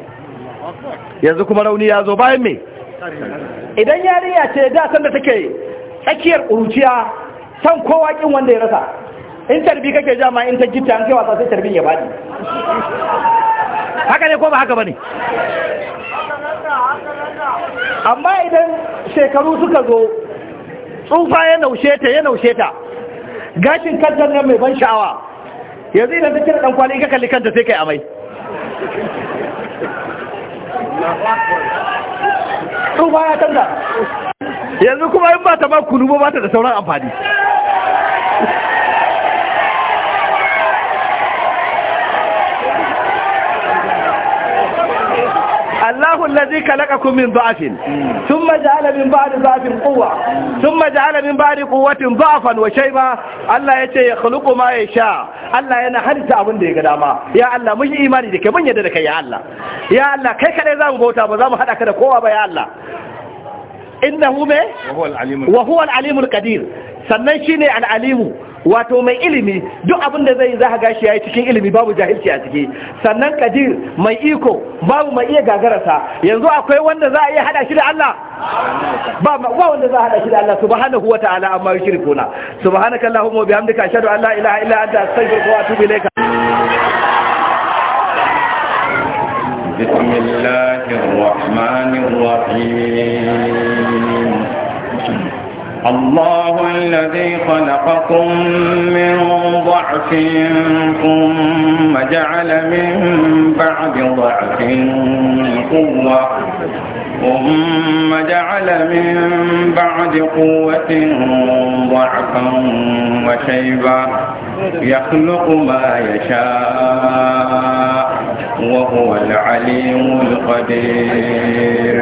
yanzu kuma rauni ya zo bayan me idan yarinya ce da sanda take tsakiyar ƙuruciya, san kowa kin wanda ya rasa in tarbi kake ja ma in ta gita an kai wasa sai tarbin ya bani haka ne ko ba haka bane amma idan shekaru suka zo tsufa ya naushe ta ya naushe ta gashin kantar nan mai ban sha'awa yanzu idan ta dan kwali ka kalli kanta sai kai amai su ya tanda yanzu kuma in ba ta ba kunu ba ta da sauran amfani الله الذي خلقكم من ضعف ثم جعل من بعد ضعف قوة ثم جعل من بعد قوة ضعفا وشيبا الله يتي يخلق ما يشاء الله yana halitta abin da ya ga dama ya Allah mun yi imani da kai mun yarda da kai ya Allah ya Allah kai kadai zamu bauta ba zamu hada ka da kowa ba ya Allah alimul sannan shine al wato mai ilimi duk abin da zai za gashi ya yi cikin ilimi babu jahilci a ciki sannan kadir mai iko babu mai iya gagararsa yanzu akwai wanda za a iya hada shi da Allah ba wanda za a hada shi da Allah subhanahu ta'ala amma na subhanaka allahumma wa bihamdika ashhadu an la ilaha illa anta astaghfiruka wa atubu ilayka بسم الله الرحمن الرحيم الله الذي خلقكم من ضعف ثم جعل من بعد ضعف قوة ثم جعل من بعد قوة ضعفا وشيبا يخلق ما يشاء وهو العليم القدير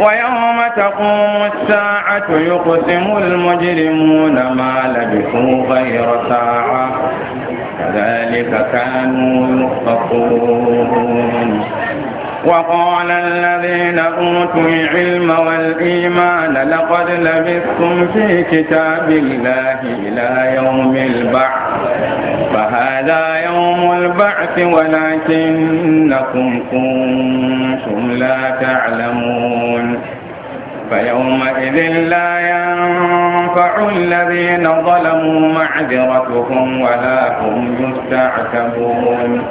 ويوم تقوم الساعة يقسم المجرمون ما لبثوا غير ساعة كذلك كانوا يؤفكون وقال الذين أوتوا العلم والإيمان لقد لبثتم في كتاب الله إلى يوم البعث فهذا يوم البعث ولكنكم كنتم لا تعلمون فيومئذ لا ينفع الذين ظلموا معذرتهم ولا هم يستعتبون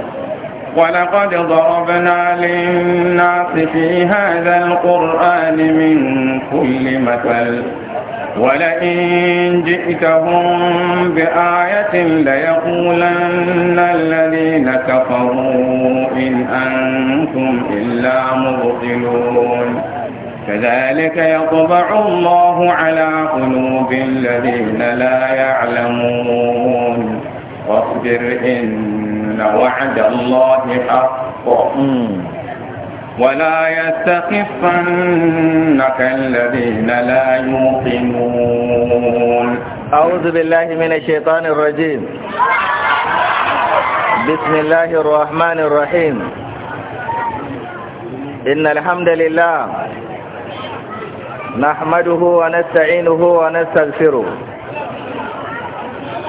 ولقد ضربنا للناس في هذا القرآن من كل مثل ولئن جئتهم بآية ليقولن الذين كفروا إن أنتم إلا مبطلون كذلك يطبع الله على قلوب الذين لا يعلمون واصبر إن إن وعد الله حق ولا يستخفنك الذين لا يوقنون أعوذ بالله من الشيطان الرجيم بسم الله الرحمن الرحيم إن الحمد لله نحمده ونستعينه ونستغفره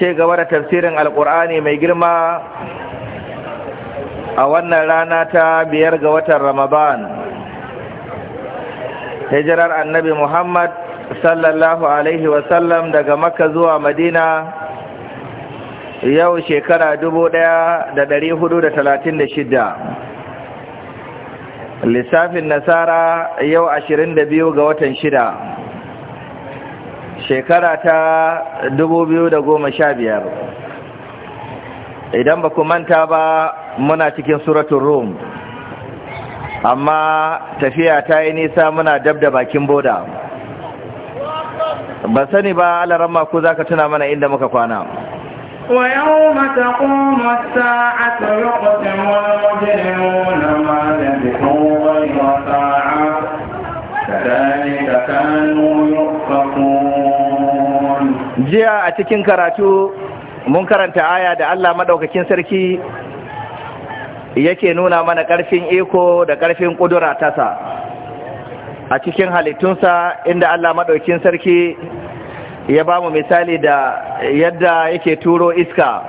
ce gaba da tafsirin alkur'ani mai girma a wannan rana ta biyar ga watan ramadan hijirar annabi muhammad sallallahu alaihi wasallam daga makka zuwa madina yau shekara dubu ɗaya da ɗari hudu da talatin da shida lissafin nasara yau ashirin da biyu ga watan shida shekara ta 2015 idan ba ku manta ba muna cikin suratun rum amma tafiya ta yi nisa muna dab da bakin boda ba sani ba alarama ku za ka tuna mana inda muka kwana ويوم تقوم الساعة يقسم المجرمون ما لبثوا غير ساعة كذلك كانوا يؤفكون jiya a cikin karatu mun karanta aya da Allah madaukakin sarki yake nuna mana ƙarfin iko da ƙarfin ƙudura tasa a cikin halittunsa inda Allah madaukakin sarki ya ba mu misali da yadda yake turo iska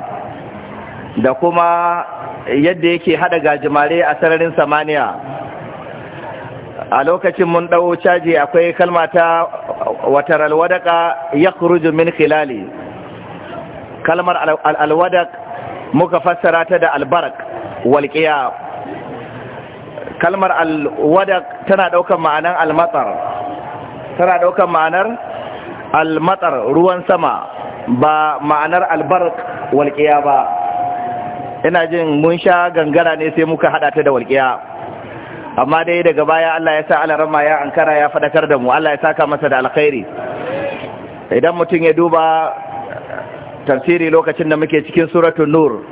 da kuma yadda yake hada gajimare a sararin samaniya a lokacin mun ɗau caji akwai kalma ta watar alwadaka ya min khilali kalmar alwadak muka fassara ta da albarak walƙiya kalmar alwadak tana ɗaukar ma'anar almatsar tana ɗaukar ma'anar almatsar ruwan sama ba ma'anar albarak walƙiya ba ina jin mun sha gangara ne sai muka haɗa ta da walƙiya amma dai daga baya Allah ya sa alarama ya ankara ya fadakar da mu Allah ya saka masa da alkhairi idan mutum ya duba tafsiri lokacin da muke cikin suratul nur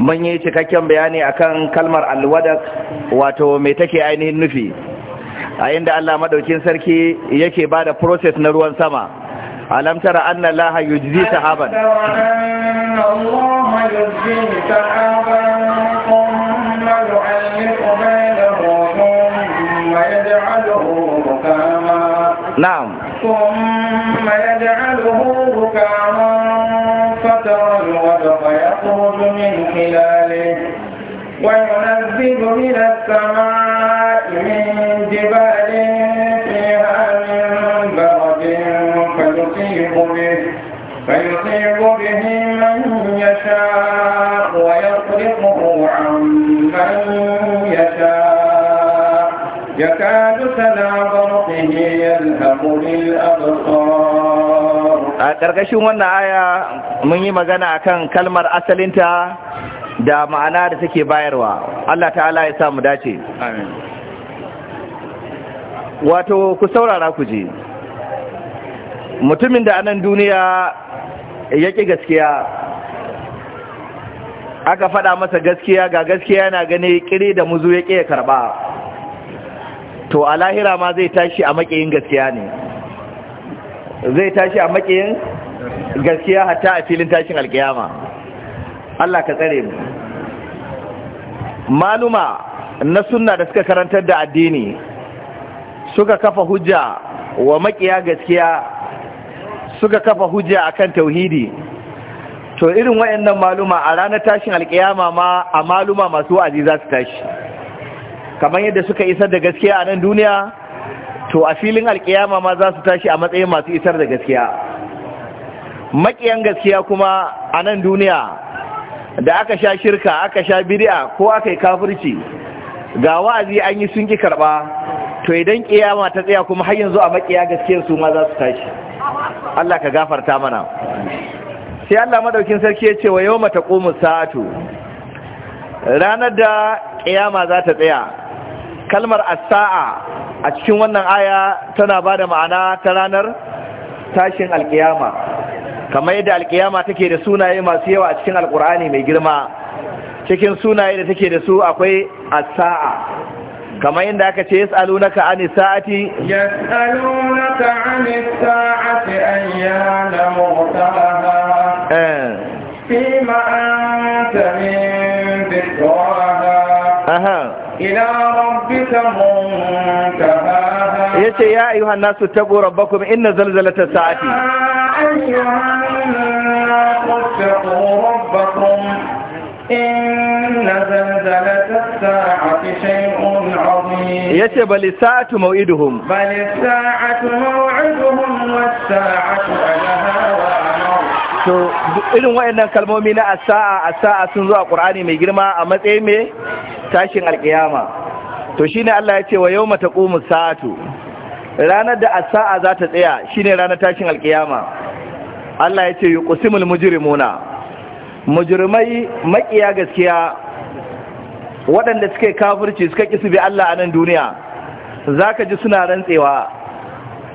mun yi cikakken bayani akan kalmar alwadak wato mai take ainihin nufi a inda Allah madaukin sarki yake bada process na ruwan sama alam tara anna laha yujzi sahaban yujzi sahaban نعم ثم يجعله ركاما فترى الودق يخرج من خلاله وينزل من السماء ƙarƙashin wannan aya mun yi magana kan kalmar asalinta da ma'ana da take bayarwa Allah ta'ala ya samu dace wato ku saurara ku je mutumin da anan duniya ya ƙi gaskiya aka faɗa masa gaskiya ga gaskiya na gani ƙiri da muzu ya ƙi ya karɓa to a lahira ma zai tashi a maƙiyin gaskiya ne zai tashi a maƙiyin gaskiya hatta a filin tashin alkiyama Allah ka tsare mu maluma na sunna da suka karantar da addini suka kafa hujja wa makiya gaskiya suka kafa hujja akan tauhidi to irin wayannan maluma a ranar tashin alkiyama ma a maluma masu wa'azi za su tashi kamar yadda suka isar da gaskiya a nan duniya to a filin alkiyama ma za su tashi a matsayin masu isar da gaskiya Maƙiyan gaskiya kuma a nan duniya da aka sha shirka aka sha biri'a, ko aka yi kafirci ga wa'azi an yi sun ki karba to idan kiyama ta tsaya kuma har yanzu a makiya gaskiyar su ma za su tashi Allah ka gafarta mana sai Allah madaukin sarki ya ce wa yawma taqumu sa'atu ranar da ƙiyama za ta tsaya kalmar as a cikin wannan aya tana bada ma'ana ta ranar tashin alƙiyama. kamar yadda alkiyama take da sunaye masu yawa a cikin alkur'ani mai girma cikin sunaye da take da su akwai asa'a kamar yadda aka ce yas'alunaka anis sa'ati yas'alunaka anis sa'ati ayyana mu'taha eh. fima anta min dhikraha aha إلى ربك منتهاها يتي يا أيها الناس اتقوا ربكم إن زلزلة الساعة يا أيها الناس اتقوا ربكم إن زلزلة الساعة شيء عظيم يتي بل الساعة موعدهم بل الساعة موعدهم والساعة ألها to irin waɗannan kalmomi na asa'a asa'a sun zo a ƙur'ani mai girma a matsayin mai tashin alƙiyama to shine Allah ya ce wa yawma taqumu sa'atu ranar da asa'a za ta tsaya shine ranar tashin alƙiyama Allah ya ce yuqsimul mujrimuna mujrimai makiya gaskiya waɗanda suka kafirci suka kisu bi Allah a nan duniya zaka ji suna rantsewa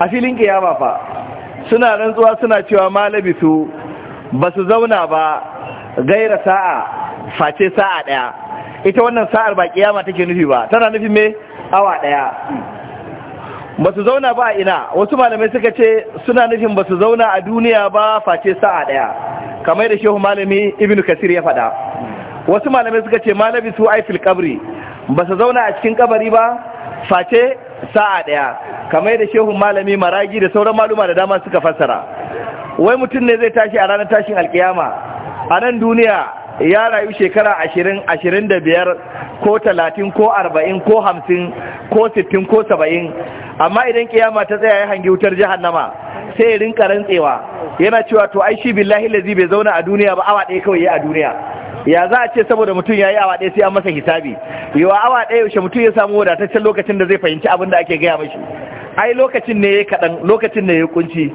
a filin kiyama fa suna rantsuwa suna cewa ma su. ba su zauna ba gaira sa'a face sa'a ɗaya ita wannan sa'ar ba kiyama take nufi ba tana nufi me awa ɗaya ba su zauna ba ina wasu malamai suka ce suna nufin ba su zauna a duniya ba face sa'a ɗaya kamar da shehu malami ibnu kasir ya faɗa wasu malamai suka ce malami su aifil kabri ba su zauna a cikin kabari ba face sa'a ɗaya kamar da shehu malami maragi da sauran maluma da dama suka fassara wai mutum ne zai tashi a ranar tashin alkiyama a nan duniya ya rayu shekara ashirin ashirin da biyar ko talatin ko arba'in ko hamsin ko sittin ko saba'in amma idan kiyama ta tsaya ya hangi wutar nama sai irin rinka rantsewa yana cewa to ai shi billahi lazi bai zauna a duniya ba awa ɗaya kawai ya a duniya ya za a ce saboda mutum ya yi awa ɗaya sai an masa hisabi yawa awa ɗaya yaushe mutum ya samu wadataccen lokacin da zai fahimci abin da ake gaya mashi ai lokacin ne ya kaɗan lokacin ne ya kunci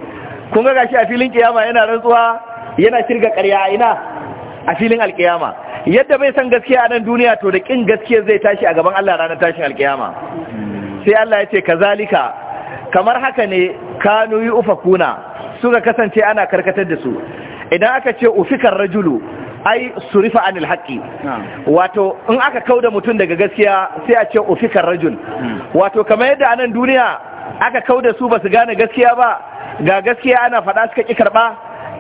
kun ga gashi a filin kiyama yana rantsuwa yana shirga ƙarya a ina a filin alkiyama yadda bai san gaskiya a nan duniya to da kin gaskiya zai tashi a gaban Allah ranar tashin alkiyama sai Allah ya ce kazalika kamar haka ne kanu yi ufakuna suka kasance ana karkatar da su idan aka ce ufikar rajulu ai surifa anil haqqi wato in aka kauda mutum daga gaskiya sai a ce ufikar rajul hmm. wato kamar yadda a nan duniya aka kau da su ba su gane gaskiya ba ga gaskiya ana faɗa suka ƙi karɓa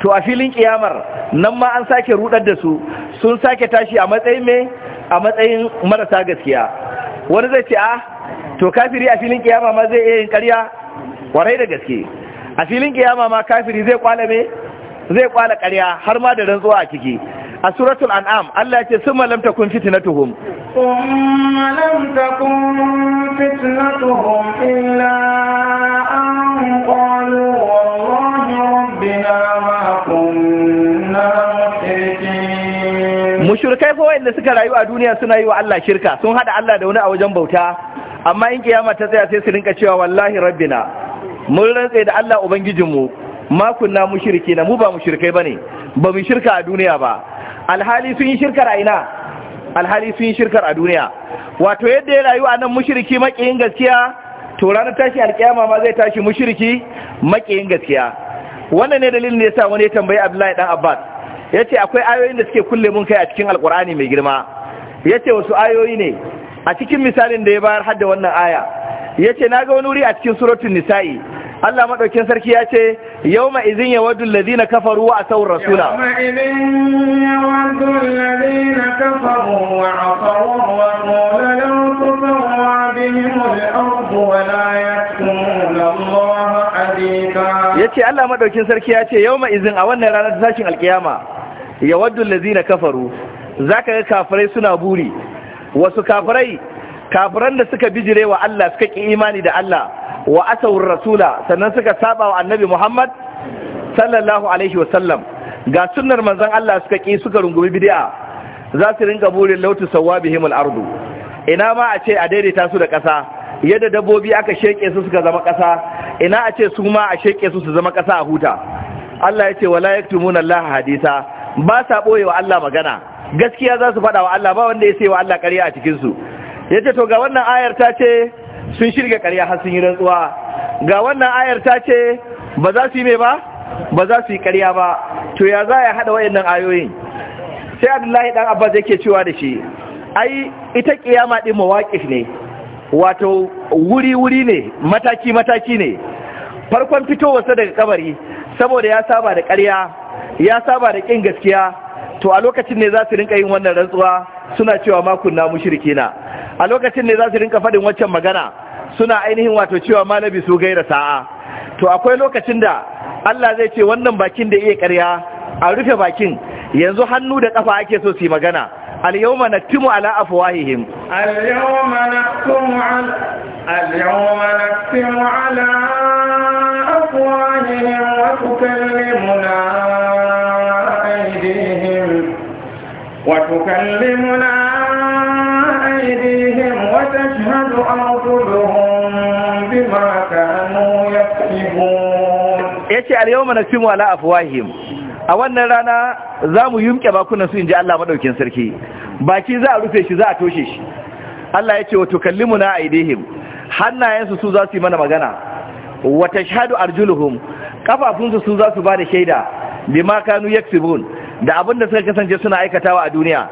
to a filin ƙiyamar nan ma an sake rudar da su sun sake tashi a matsayin me a matsayin marasa gaskiya wani zai ce a ah, to kafiri a filin ƙiyama ma zai iya yin ƙarya warai da gaske a filin ƙiyama ma kafiri zai kwala me zai kwala ƙarya har ma da rantsuwa a ciki a suratul an'am Allah ya ce summa lam takun malam ta kun fitina tuhum illa an wallahi rabbina ma kunna mushrikai wanda suka rayu a duniya suna yi wa Allah shirka sun haɗa Allah da wani a wajen bauta amma in kiyama ta tsaya sai su rinka cewa wallahi rabbina mun rantsa da Allah ubangijinmu ma kunna mushrikina mu ba mushrikai bane ba mu shirka a duniya ba alhali sun yi shirkar a ina alhali sun yi shirkar a duniya wato yadda ya rayu a nan mushiriki makiyin gaskiya to ranar tashi alkiyama ma zai tashi mushiriki makiyin gaskiya wannan ne dalilin ya sa wani ya tambayi Abdullahi dan Abbas Ya ce akwai ayoyin da suke kulle mun kai a cikin alkur'ani mai girma Ya ce wasu ayoyi ne a cikin misalin da ya bayar hadda wannan aya Ya ce na ga wani wuri a cikin surutun nisa'i Allah madaukin sarki ya ce yauma izin ya alladhina kafaru wa yawma izin kafaru wa asaw rasula law tusawwa Allah hadika yace Allah madaukin sarki ya ce yauma izin a wannan ranar sashin alkiyama yawaddu alladhina kafaru zaka ga kafirai suna buri wasu kafirai kafiran da suka bijire wa Allah suka kin imani da Allah wa asawur rasula sannan suka saba wa annabi Muhammad sallallahu alaihi wa sallam ga sunnar manzon Allah suka ki suka rungumi bid'a za su rinka burin lautu sawabihimul ardu ina ma a ce a daidaita su da ƙasa yadda dabbobi aka sheke su suka zama ƙasa ina a ce su ma a sheke su su zama ƙasa a huta Allah ya ce wala yaktumuna Allah hadisa ba sa boye wa Allah magana gaskiya za su faɗa wa Allah ba wanda ya sai wa Allah ƙarya a cikin su ya ce to ga wannan ayar ta ce sun shirga karya har sun yi rantsuwa ga wannan ayar ta ce ba za su yi mai ba ba za su yi karya ba to ya za ya haɗa waɗannan ayoyin sai abdullahi dan abbas ke cewa da shi ai ita ƙiyama ɗin mawaƙif ne wato wuri-wuri ne mataki-mataki ne farkon fito wasu daga kabari saboda ya saba da ƙarya ya saba da ƙin gaskiya to a lokacin ne za su rinka yin wannan rantsuwa suna cewa ma kunna na a lokacin ne za su rinka faɗin wancan magana suna ainihin wato cewa ma su gaira sa'a to akwai lokacin da Allah zai ce wannan bakin da iya karya a rufe bakin yanzu hannu da kafa ake so su yi magana al-yawma naktimu ala afwahihim al al-yawma naktimu ala وتكلمنا أيديهم وتشهد أرجلهم بما كانوا يكسبون yace اليوم yawma على ala afwahim a wannan rana zamu yumke bakunan su inji Allah madaukin sarki baki za a rufe shi za a toshe shi Allah yace wa tukallimuna aidihim hannayen su za su yi mana magana wa tashhadu arjuluhum kafafunsu su za su ba da shaida bima kanu yaksubun da abin da suka kasance suna aikatawa a duniya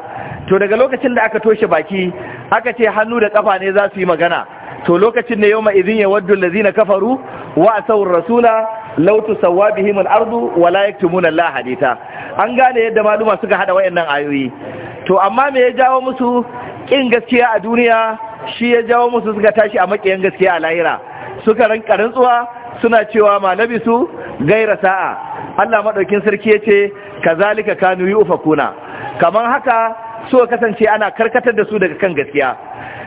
to daga lokacin da aka toshe baki aka ce hannu da kafa ne za su yi magana to lokacin ne yawma ya waddu allazina kafaru wa asawur rasula law tusawwa bihim al-ardu wa la yaktumuna Allah hadita an gane yadda maluma suka hada wayannan ayoyi to amma me ya jawo musu kin gaskiya a duniya shi ya jawo musu suka tashi a makiyan gaskiya a lahira suka ranka rantsuwa suna cewa ma labisu gaira sa'a Allah madaukin sarki yace kazalika kanu yufakuna kaman haka so kasance ana karkatar da su daga kan gaskiya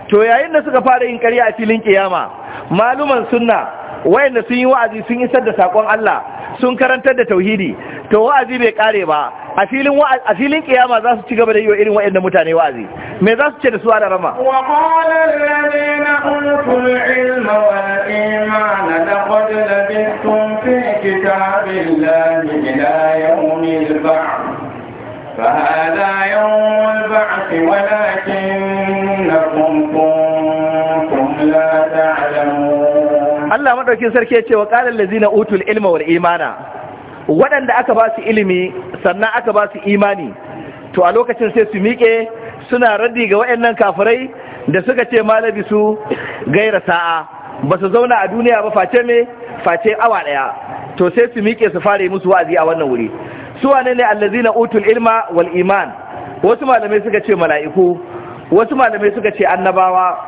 to yayin da suka fara yin ƙarya a filin kiyama maluman sunna wayanda sun yi wa'azi sun isar da sakon Allah sun karantar da tauhidi to wa'azi bai kare ba a filin a filin kiyama za su ci gaba da yi wa irin wayannan mutane wa'azi me za su ce da su a rama wa qala alladhina utul ilma wal imana laqad labithtum fi kitabillahi ila yawmil ba'th فهذا يوم البعث ولكنكم كنتم Allah madaukin sarki ya ce wa qala allazina utul ilma wal imana waɗanda aka ba su ilimi sannan aka ba su imani to a lokacin sai su miƙe suna raddi ga waɗannan kafirai da suka ce malabi su gaira sa'a ba su zauna a duniya ba face me face awa ɗaya to sai su miƙe su fara musu wa'azi a wannan wuri su wane ne allazina utul ilma wal iman wasu malamai suka ce mala'iku wasu malamai suka ce annabawa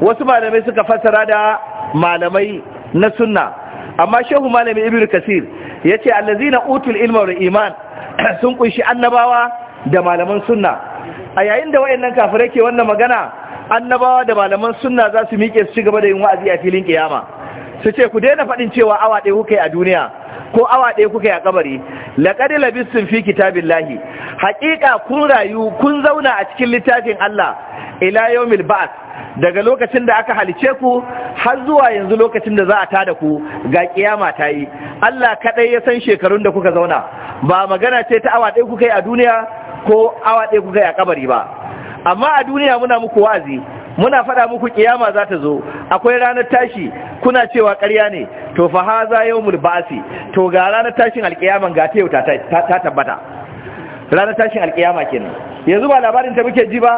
wasu malamai suka fassara da malamai na sunna amma shehu malami ibn kasir yace allazina utul ilma wal iman sun kunshi annabawa da malaman sunna a yayin da wayannan kafirai ke wannan magana annabawa da malaman sunna za su miƙe su ci gaba da yin wa'azi a filin kiyama su ce ku daina fadin cewa awa ɗaya kuka yi a duniya ko awa ɗaya kuka yi a kabari laqad labis sun fi kitabillahi lahi haƙiƙa kun rayu kun zauna a cikin littafin Allah ila yawmil daga lokacin da aka halice ku har zuwa yanzu lokacin da za a tada ku ga kiyama ta yi Allah kadai ya san shekarun da kuka zauna ba magana ce ta awa ɗaya kuka yi a duniya ko awa ɗaya kuka yi a kabari ba amma a duniya muna muku wazi muna faɗa muku kiyama za ta zo akwai ranar tashi kuna cewa ƙarya ne to fa haza yawmul ba'si to ga ranar tashin alkiyama ga ta yau ta tabbata ranar tashin alkiyama kenan yanzu ba labarin ta muke ji ba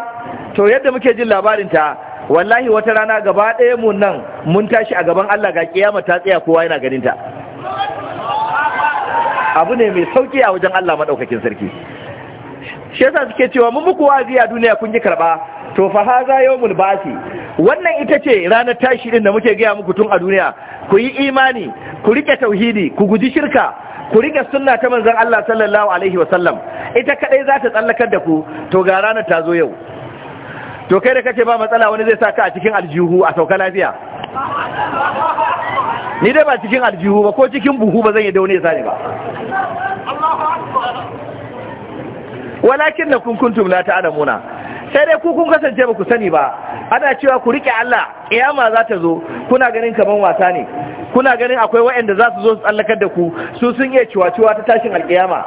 to yadda muke jin labarin ta wallahi wata rana gaba ɗaya mu nan mun tashi a gaban Allah ga kiyama ta tsaya kowa yana ganin ta abu ne mai sauki a wajen Allah madaukakin sarki shi yasa suke cewa mun muku wazi a duniya kun ji karba to fa haza yawmul basi wannan ita ce ranar tashi din da muke gaya muku tun a duniya ku yi imani ku rike tauhidi ku guji shirka ku riga sunna ta manzan Allah sallallahu alaihi wasallam ita kadai za ta tsallakar da ku to ga ranar ta zo yau to kai da kace ba matsala wani zai sa ka a cikin aljihu a sauka lafiya ni dai ba cikin aljihu ba ko cikin buhu ba zan yi daune sani ba walakin na kunkuntum la ta'lamuna sai dai ku kun kasance ba ku sani ba ana cewa ku rike Allah kiyama za ta zo kuna ganin kaman wasa ne kuna ganin akwai waɗanda za su zo su tsallakar da ku su sun iya ciwaciwa ta tashin alkiyama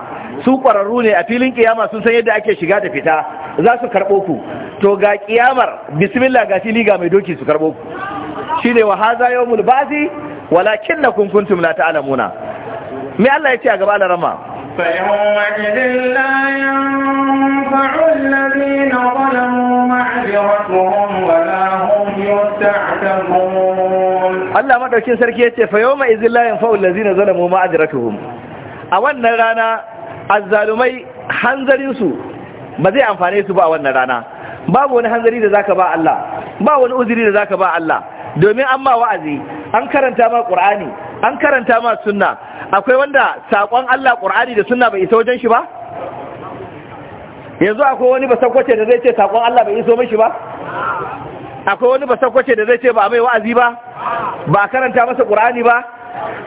su ƙwararru ne a filin kiyama sun san yadda ake shiga da fita za su karɓo ku to ga kiyamar bismillah ga fili ga mai doki su karɓo ku shine wa haza yawmul ba'thi walakinnakum kuntum la ta'lamuna me Allah ya ce a gaba da rama fa yawma تنفع الذين ظلموا معذرتهم ولا هم يستعتبون الله ما دوكين سركي yace fa yawma izin la yanfa'u allazina zalamu ma'adratuhum a wannan rana azzalumai zalumai, hanzarinsu ba zai amfane su ba a wannan rana babu wani hanzari da "Za ka ba Allah ba wani uzuri da "Za ka ba Allah domin an ma wa'azi an karanta ma Qur'ani an karanta ma suna, akwai wanda saƙon Allah Qur'ani da suna bai isa wajen shi ba yanzu akwai wani ba sakwace da zai ce saƙon Allah bai iso mashi ba akwai wani ba sakwace da zai ce ba mai wa'azi ba ba karanta masa ƙura'ani ba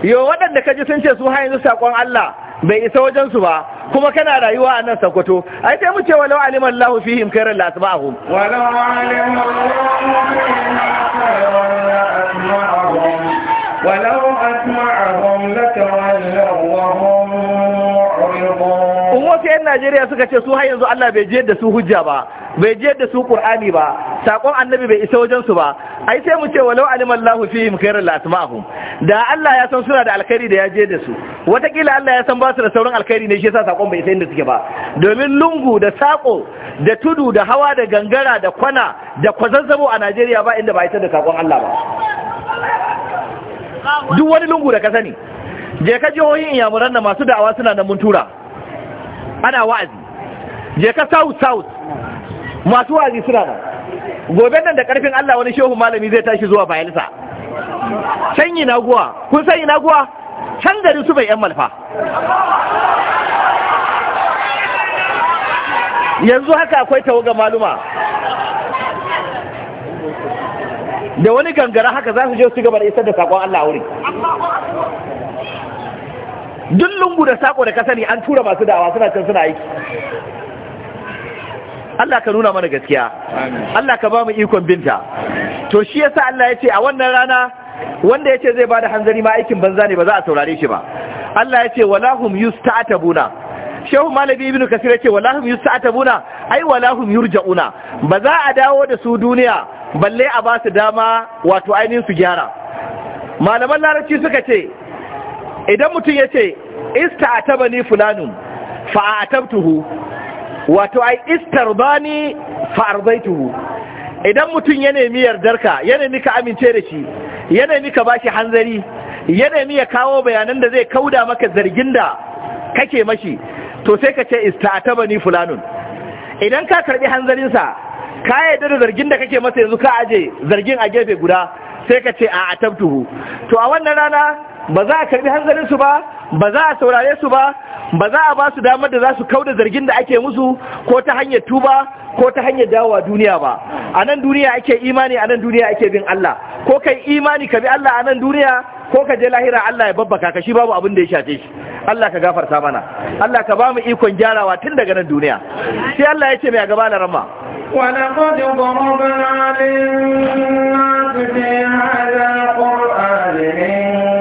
Yau waɗanda kaji sun ce su hanyar saƙon Allah bai isa wajensu ba kuma kana rayuwa a nan sakwato? ai sai mu ce walau alima Allahu fihim khairan la asma'ahum walau alima Allahu fihim khairan la asma'ahum walau Najeriya suka ce su har yanzu Allah bai jiyar da su hujja ba bai jiyar da su Qur'ani ba sakon annabi bai isa wajen su ba ai sai mu ce walau alimallahu fihim khairan lasma'hum da Allah ya san suna da alkhairi da ya jiyar da su watakila Allah ya san ba su da sauran alkari ne shi yasa sakon bai isa inda suke ba domin lungu da saƙo da tudu da hawa da gangara da kwana da kwazazzabo a Najeriya ba inda ba isa da sakon Allah ba duk wani lungu da ka sani je ka jihohin iyamuran da masu da'awa suna da mun tura ana wa'azi je ka south south masu wa'azi suna nan gobe nan da karfin Allah wani shehu malami zai tashi zuwa bayelsa can yi naguwa kun san yi naguwa can gari su bai yan malfa yanzu haka akwai ga maluma da wani gangara haka za su je su gaba da isar da sakon Allah a wuri duk lungu da sako da ka sani an tura masu da'awa suna can suna aiki Allah ka nuna mana gaskiya Allah ka ba mu ikon binta to shi yasa Allah ya ce a wannan rana wanda ya ce zai ba da hanzari ma aikin banza ne ba za a saurare shi ba Allah ya ce walahum yusta'tabuna Shehu Malami Ibn Kasir ya ce walahum yusta'tabuna ai walahum yurja'una ba za a dawo da su duniya balle a ba su dama wato ainihin su gyara malaman larabci suka ce idan mutum ya ce ista a taba ni fulanun fa'atabtuhu wato ai istar ba ni fa'arzaituhu idan mutum ya nemi yardarka ya nemi ka amince da shi ya nemi ka bashi hanzari ya nemi ya kawo bayanan da zai kauda maka zargin da kake mashi to sai ka ce a taba ni fulanun idan ka karɓi hanzarinsa ka yarda da zargin da kake masa yanzu ka aje zargin a gefe guda sai ka ce a atabtuhu to a wannan rana ba za a karbi hanzarin su ba ba za a saurare su ba ba za a ba su damar da za su da zargin da ake musu ko ta hanyar tuba ko ta hanyar dawowa duniya ba a nan duniya ake imani a nan duniya ake bin Allah ko kai imani ka bi Allah a nan duniya ko ka je lahira Allah ya babbaka ka shi babu abin da ya shafe shi Allah ka gafarta mana Allah ka ba mu ikon gyarawa tun daga nan duniya sai Allah ya ce mai gaba na rama ولقد ضربنا للناس في fi القرآن من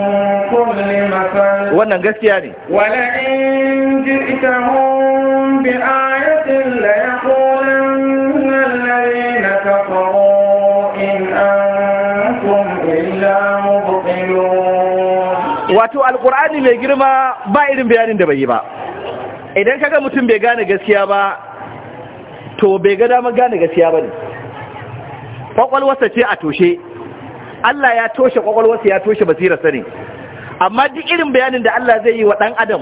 wannan gaskiya ne wala in ji ita mun bi ayatin la ya kolan lallare na kafaro in an kun illa mubukilo wato alkur'ani mai girma ba irin bayanin da bai yi ba idan kaga mutum bai gane gaskiya ba to bai ga dama gane gaskiya ba ne kwakwalwarsa ce a toshe Allah ya toshe kwakwalwarsa ya toshe basirarsa ne amma duk irin bayanin da Allah zai yi wa ɗan adam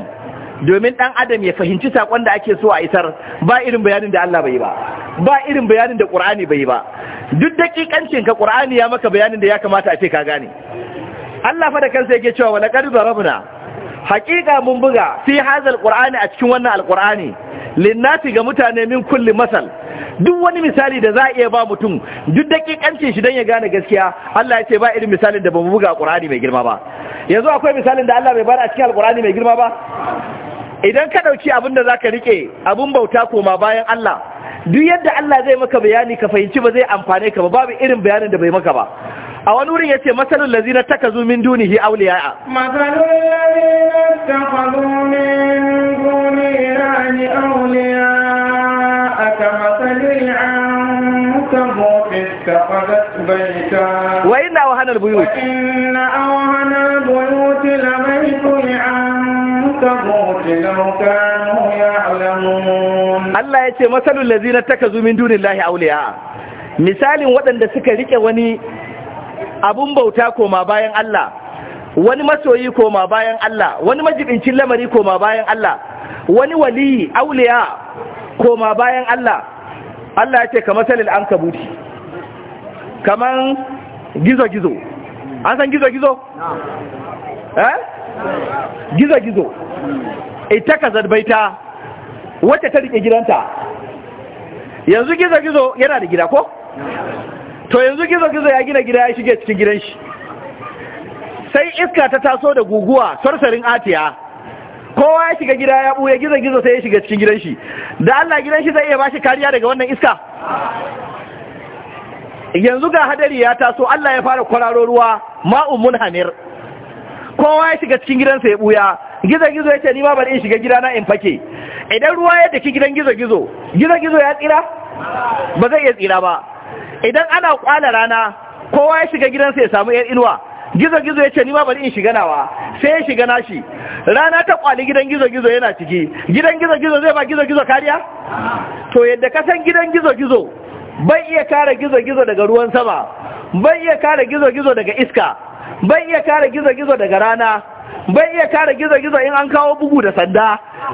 domin ɗan adam ya fahimci saƙon da ake so a isar ba irin bayanin da Allah bai ba ba irin bayanin da ƙur'ani bai ba duk daƙiƙancin ka ƙur'ani ya maka bayanin da ya kamata a ce ka gane Allah fa da kansa yake cewa wala qad zarabna haqiqa mun buga fi hazal qur'ani a cikin wannan alqur'ani linnati ga mutane min kulli masal duk wani misali da za a iya ba mutum duk dakikancin shi don ya gane gaskiya Allah ya ce ba irin misalin da ba mu buga Qur'ani mai girma ba yanzu akwai misalin da Allah bai bada a cikin Qur'ani mai girma ba idan ka dauki abin da zaka rike abin bauta koma bayan Allah duk yadda Allah zai maka bayani ka fahimci ba zai amfane ka ba babu irin bayanin da bai maka ba a wani wurin yace masalul lazina takazu min dunihi min dunihi awliya akamasalil عنكبوت اتخذت بيتا وإن أوهن البيوت وإن أوهن البيوت لبيت العنكبوت لو كانوا يعلمون الله يتي مثل misalin waɗanda suka rike wani abun bauta koma bayan Allah wani masoyi koma bayan Allah wani majibincin lamari koma bayan Allah wani wali, auliya koma bayan Allah Allah ya ce kamar salil an kabuti kamar gizo-gizo an san gizo-gizo? eh? gizo-gizo ita ka zarbaita wacce ta rike gidanta yanzu gizo-gizo yana da gida ko? to yanzu gizo-gizo ya gina gida ya shige cikin gidan shi sai iska ta taso da guguwa sarsarin atiya kowa ya shiga gida ya buya gizo-gizo sai ya shiga cikin gidan shi da Allah gidan shi zai iya bashi kariya daga wannan iska yanzu ga hadari ya taso Allah ya fara kwararo ruwa ma'un munhamir kowa ya shiga cikin gidansa ya buya gizo-gizo ya ce ni ma bari in shiga gidana in fake idan ruwa ya daki gidan gizo-gizo gizo-gizo ya tsira ba zai iya tsira ba idan ana kwala rana kowa ya shiga gidan gidansa ya samu yar inuwa gizo-gizo ya ce ma bari in shiga nawa sai ya shiga nashi rana ta kwali gidan gizo-gizo yana ciki gidan gizo-gizo zai ba gizo-gizo kariya to yadda ka san gidan gizo-gizo bai iya kare gizo-gizo daga ruwan sama bai iya kare gizo-gizo daga iska bai iya kare gizo-gizo daga rana bai iya kare gizo-gizo in an kawo bugu da sanda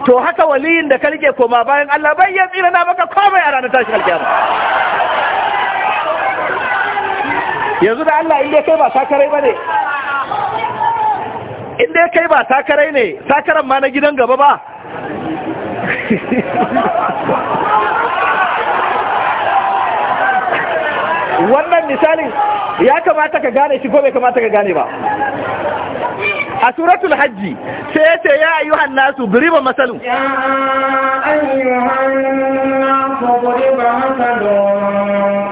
to haka waliyin da ka rike koma bayan Allah bai iya tsira na maka komai a ranar tashin alkiyama yanzu da Allah inda kai ba sakarai ba ne inda kai ba sakarai ne sakaran ma na gidan gaba ba wannan misalin ya kamata ka gane shi ko bai kamata ka gane ba a suratul hajji sai ya ce ya ayyuhan nasu duriba masalu ya ayyuhan nasu duriba masalu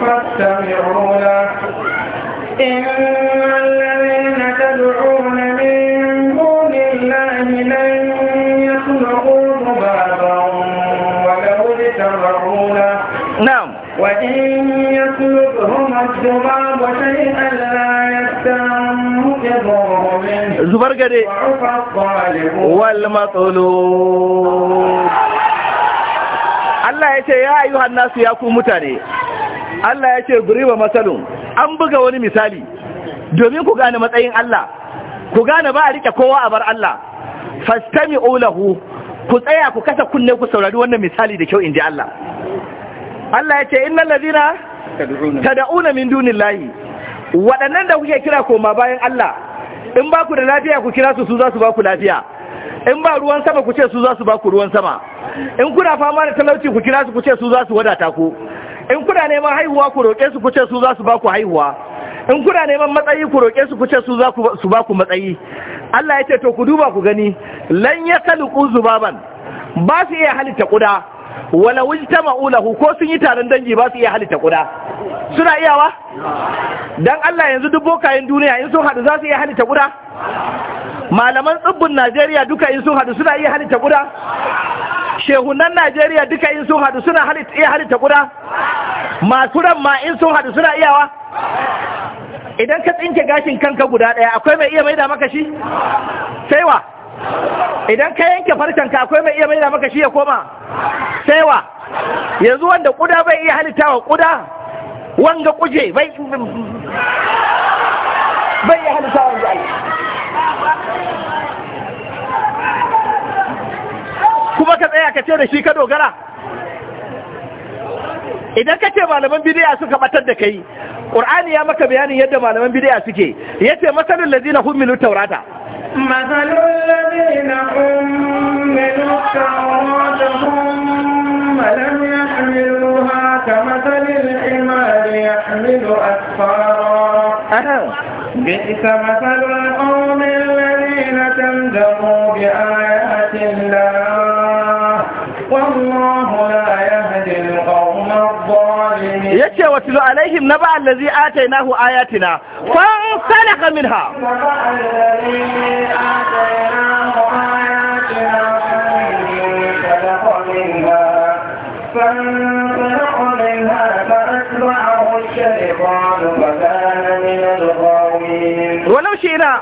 fastami'u lahu إن الذين تدعون من دون الله لن يخلقوا ذبابا ولو اجتمعوا له نعم وإن يسلبهم الذباب شيئا لا يستنقذوه منه زبر قدي والمطلوب Allah ya ce ya ayyuhan nasu ya ku mutane Allah ya ce guriba masalun an buga wani misali domin ku gane matsayin Allah ku gane ba a rike kowa a bar Allah fastami ulahu ku tsaya ku kasa kunne ku saurari wannan misali da kyau inji Allah Allah ya ce innal ladina tad'una min dunillahi waɗannan da kuke kira koma bayan Allah in ba ku da lafiya ku kira su su za su ba ku lafiya in ba ruwan sama ku ce su za su ba ku ruwan sama in kuna fama da talauci ku kira su ku ce su za su wadata ku in kuna neman haihuwa ku roƙe su kuce su za su ba haihuwa in kuna neman matsayi ku roƙe su kuce su za su ba matsayi Allah ya ce to ku duba ku gani lan ya zubaban ba su iya halitta kuda wala wujtama ma'ulahu, ko sun yi taron dangi ba su iya halitta kuda suna iyawa dan Allah yanzu duk bokayen duniya in sun hadu za su iya halitta kuda malaman tsibbin Najeriya duka in sun hadu suna iya halitta kuda shehunan Najeriya duka in sun hadu suna iya halitta kuda masu ran ma in sun hadu suna iyawa idan ka tsinke gashin kanka guda daya akwai mai iya maida maka shi sai wa idan ka yanke farcen ka akwai mai iya maida maka shi ya koma sai wa yanzu wanda kuda bai iya halitta wa kuda wanga kuje bai bai iya halitta wa kuda kuma ka tsaya ka ce da shi ka dogara idan ka ce malaman bidiya suka batar da kai ƙur'ani ya maka bayanin yadda malaman bidiya suke Ya yace masalul ladina milu taurata مثل الذين حملوا التوراة ثم لم يحملوها كمثل الحمار يحمل أسفارا بئس مثل القوم الذين كذبوا بآيات الله yace watlu alaihim naba allazi atainahu ayatina fansalakha minha فانطلق منها فأتبعه الشيطان فكان من الغاوين ولو شئنا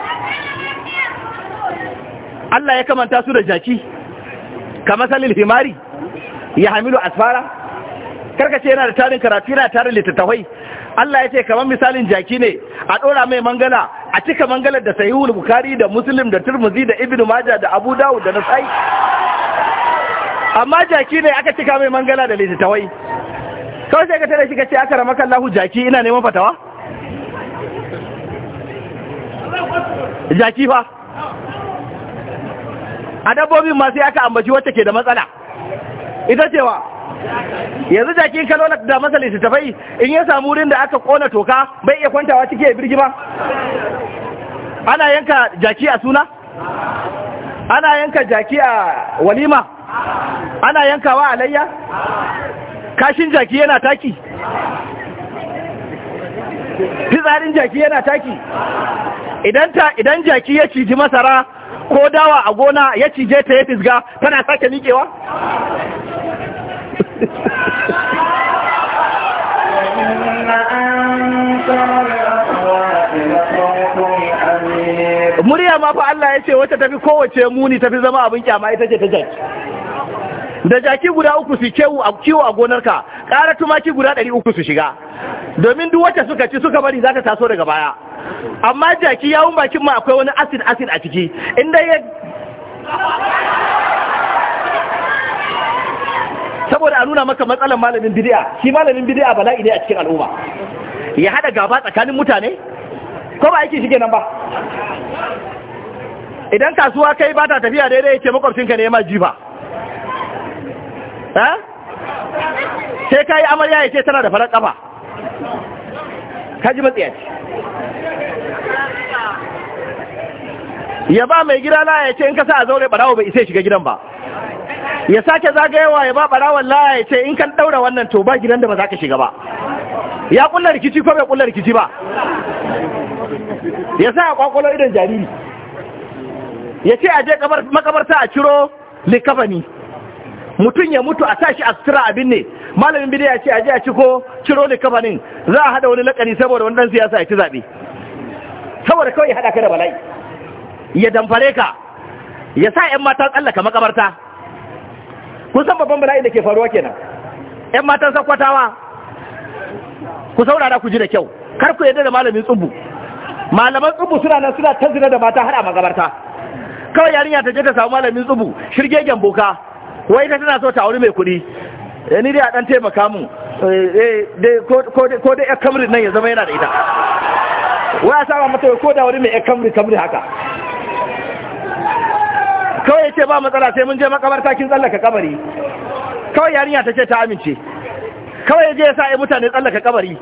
Allah ya kamanta su da jaki kamar salil himari ya hamilu asfara karkace yana da tarin karatu yana tarin littattafai Allah ya ce kamar misalin jaki ne a ɗora mai mangala a cika mangalar da sahihul bukari da muslim da turmuzi da ibnu maja da abu dawud da nasai amma jaki ne aka cika mai mangala da littattafai kawai sai ka tare shi ka ce aka ramakan lahu jaki ina neman fatawa jaki fa a dabbobin masu ya ka ambaci wacce ke da matsala ita cewa yanzu jakin kalola da su littattafai in ya samu wurin da aka kona toka bai iya kwantawa ciki ya birgi ba ana yanka jaki a suna ana yanka jaki a walima ana yankawa alayya kashin jaki yana taki fitsarin jaki yana taki idan jaki ya ciji masara ko dawa a gona ya cije ta ya fisga tana sake miƙewa murya ma fa Allah ya ce wata tafi kowace muni tafi zama abin kyama ita ce ta jaj da jaki guda uku su kiwo a gonarka ƙara tumaki guda ɗari uku su shiga domin duk wacce suka ci suka bari za ta taso daga baya amma jaki yawun bakin ma akwai wani acid acid a ciki inda ya saboda a nuna maka matsalar malamin bidi'a shi malamin bidi'a bala'i ne a cikin al'umma ya hada gaba tsakanin mutane ko ba aiki shige nan ba idan kasuwa kai ba ta tafiya daidai ya ce makwabcinka ne ya ma jifa eh sai yi amarya ya ce tana da farar kafa Ka matsiya ce ya ba mai gida laya ya ce in ka sa a zaure barawo bai isa shiga gidan ba ya sake zagayewa ya ba barawon laya ya ce in kan daura wannan to ba gidan da ba za ka shiga ba ya kulla rikici ko bai kulla rikici ba ya sa a kwakwalo idan jariri ya ce a je makabarta a ciro likafani mutum ya mutu a tashi a sutura abin ne malamin ya ce a ji a ciko ciro ne kafanin za a hada wani lakani saboda wani dan siyasa ya ci zaɓe saboda kawai ya hada ka da bala'i ya damfare ka ya sa 'yan matan tsallaka makabarta kun babban bala'i da ke faruwa kenan 'yan matan sakwatawa ku saurara ku ji da kyau kar ku yadda da malamin tsubu malaman tsubu suna nan suna tanzina da mata har a makabarta kawai yarinya ta je ta samu malamin tsubu shirgegen boka wai ita tana so ta wuri mai kuɗi eh, ni dai a ɗan taimaka mun eh, eh, ko dai ya kamri nan ya zama yana da ita wai a sama mata ko da wuri mai ya kamri kamri haka kawai ya ce ba matsala sai mun je makabarta kin tsallaka kabari kawai yarinya ta ce ta amince kawai ya je ya sa ya mutane tsallaka kabari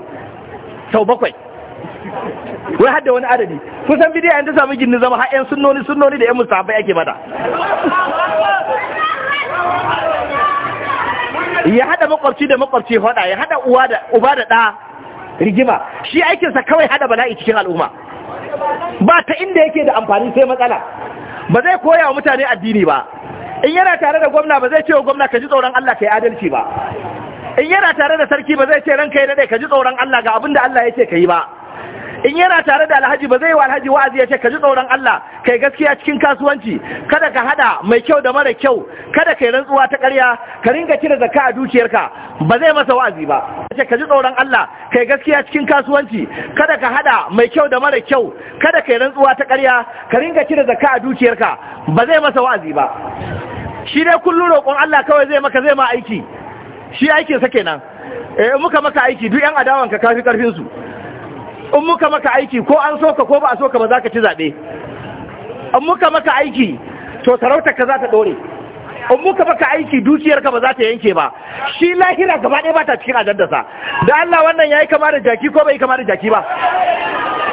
sau bakwai wai hadda wani adadi kusan bidiyar yan ta sami gini zama har yan sunnoni sunnoni da yan musabai ake mata ya hada makwabci da makwabci hada ya hada uwa da uba da ɗa rigima shi aikinsa kawai hada bala'i cikin al'umma ba ta inda yake da amfani sai matsala ba zai koya wa mutane addini ba in yana tare da gwamna ba zai ce wa gwamna kaji tsoron Allah ka adalci ba in yana tare da sarki ba zai ce ranka yi daɗe ka ji tsoron Allah ga abin da Allah ya ce ka ba in yana tare da alhaji ba zai yi wa alhaji wa'azi ya ce ka ji tsoron Allah kai gaskiya cikin kasuwanci kada ka hada mai kyau da mara kyau kada kai rantsuwa ta ƙarya ka ringa cire zakka a dukiyarka ba zai masa wa'azi ba ya ce ka ji tsoron Allah kai gaskiya cikin kasuwanci kada ka hada mai kyau da mara kyau kada kai rantsuwa ta ƙarya ka ringa cire zakka a dukiyarka ba zai masa wa'azi ba shi dai kullum roƙon Allah kawai zai maka zai ma aiki shi aikinsa kenan eh muka maka aiki duk yan ka kafi karfin su in muka maka aiki ko an so ka ko ba a so ka ba za ka ci zaɓe in muka maka aiki to sarautar ka za ta ɗore in muka maka aiki dukiyarka ba za ta yanke ba shi lahira gaba ɗaya ba ta cikin ajandasa da Allah wannan ya yi kama da jaki ko bai kama da jaki ba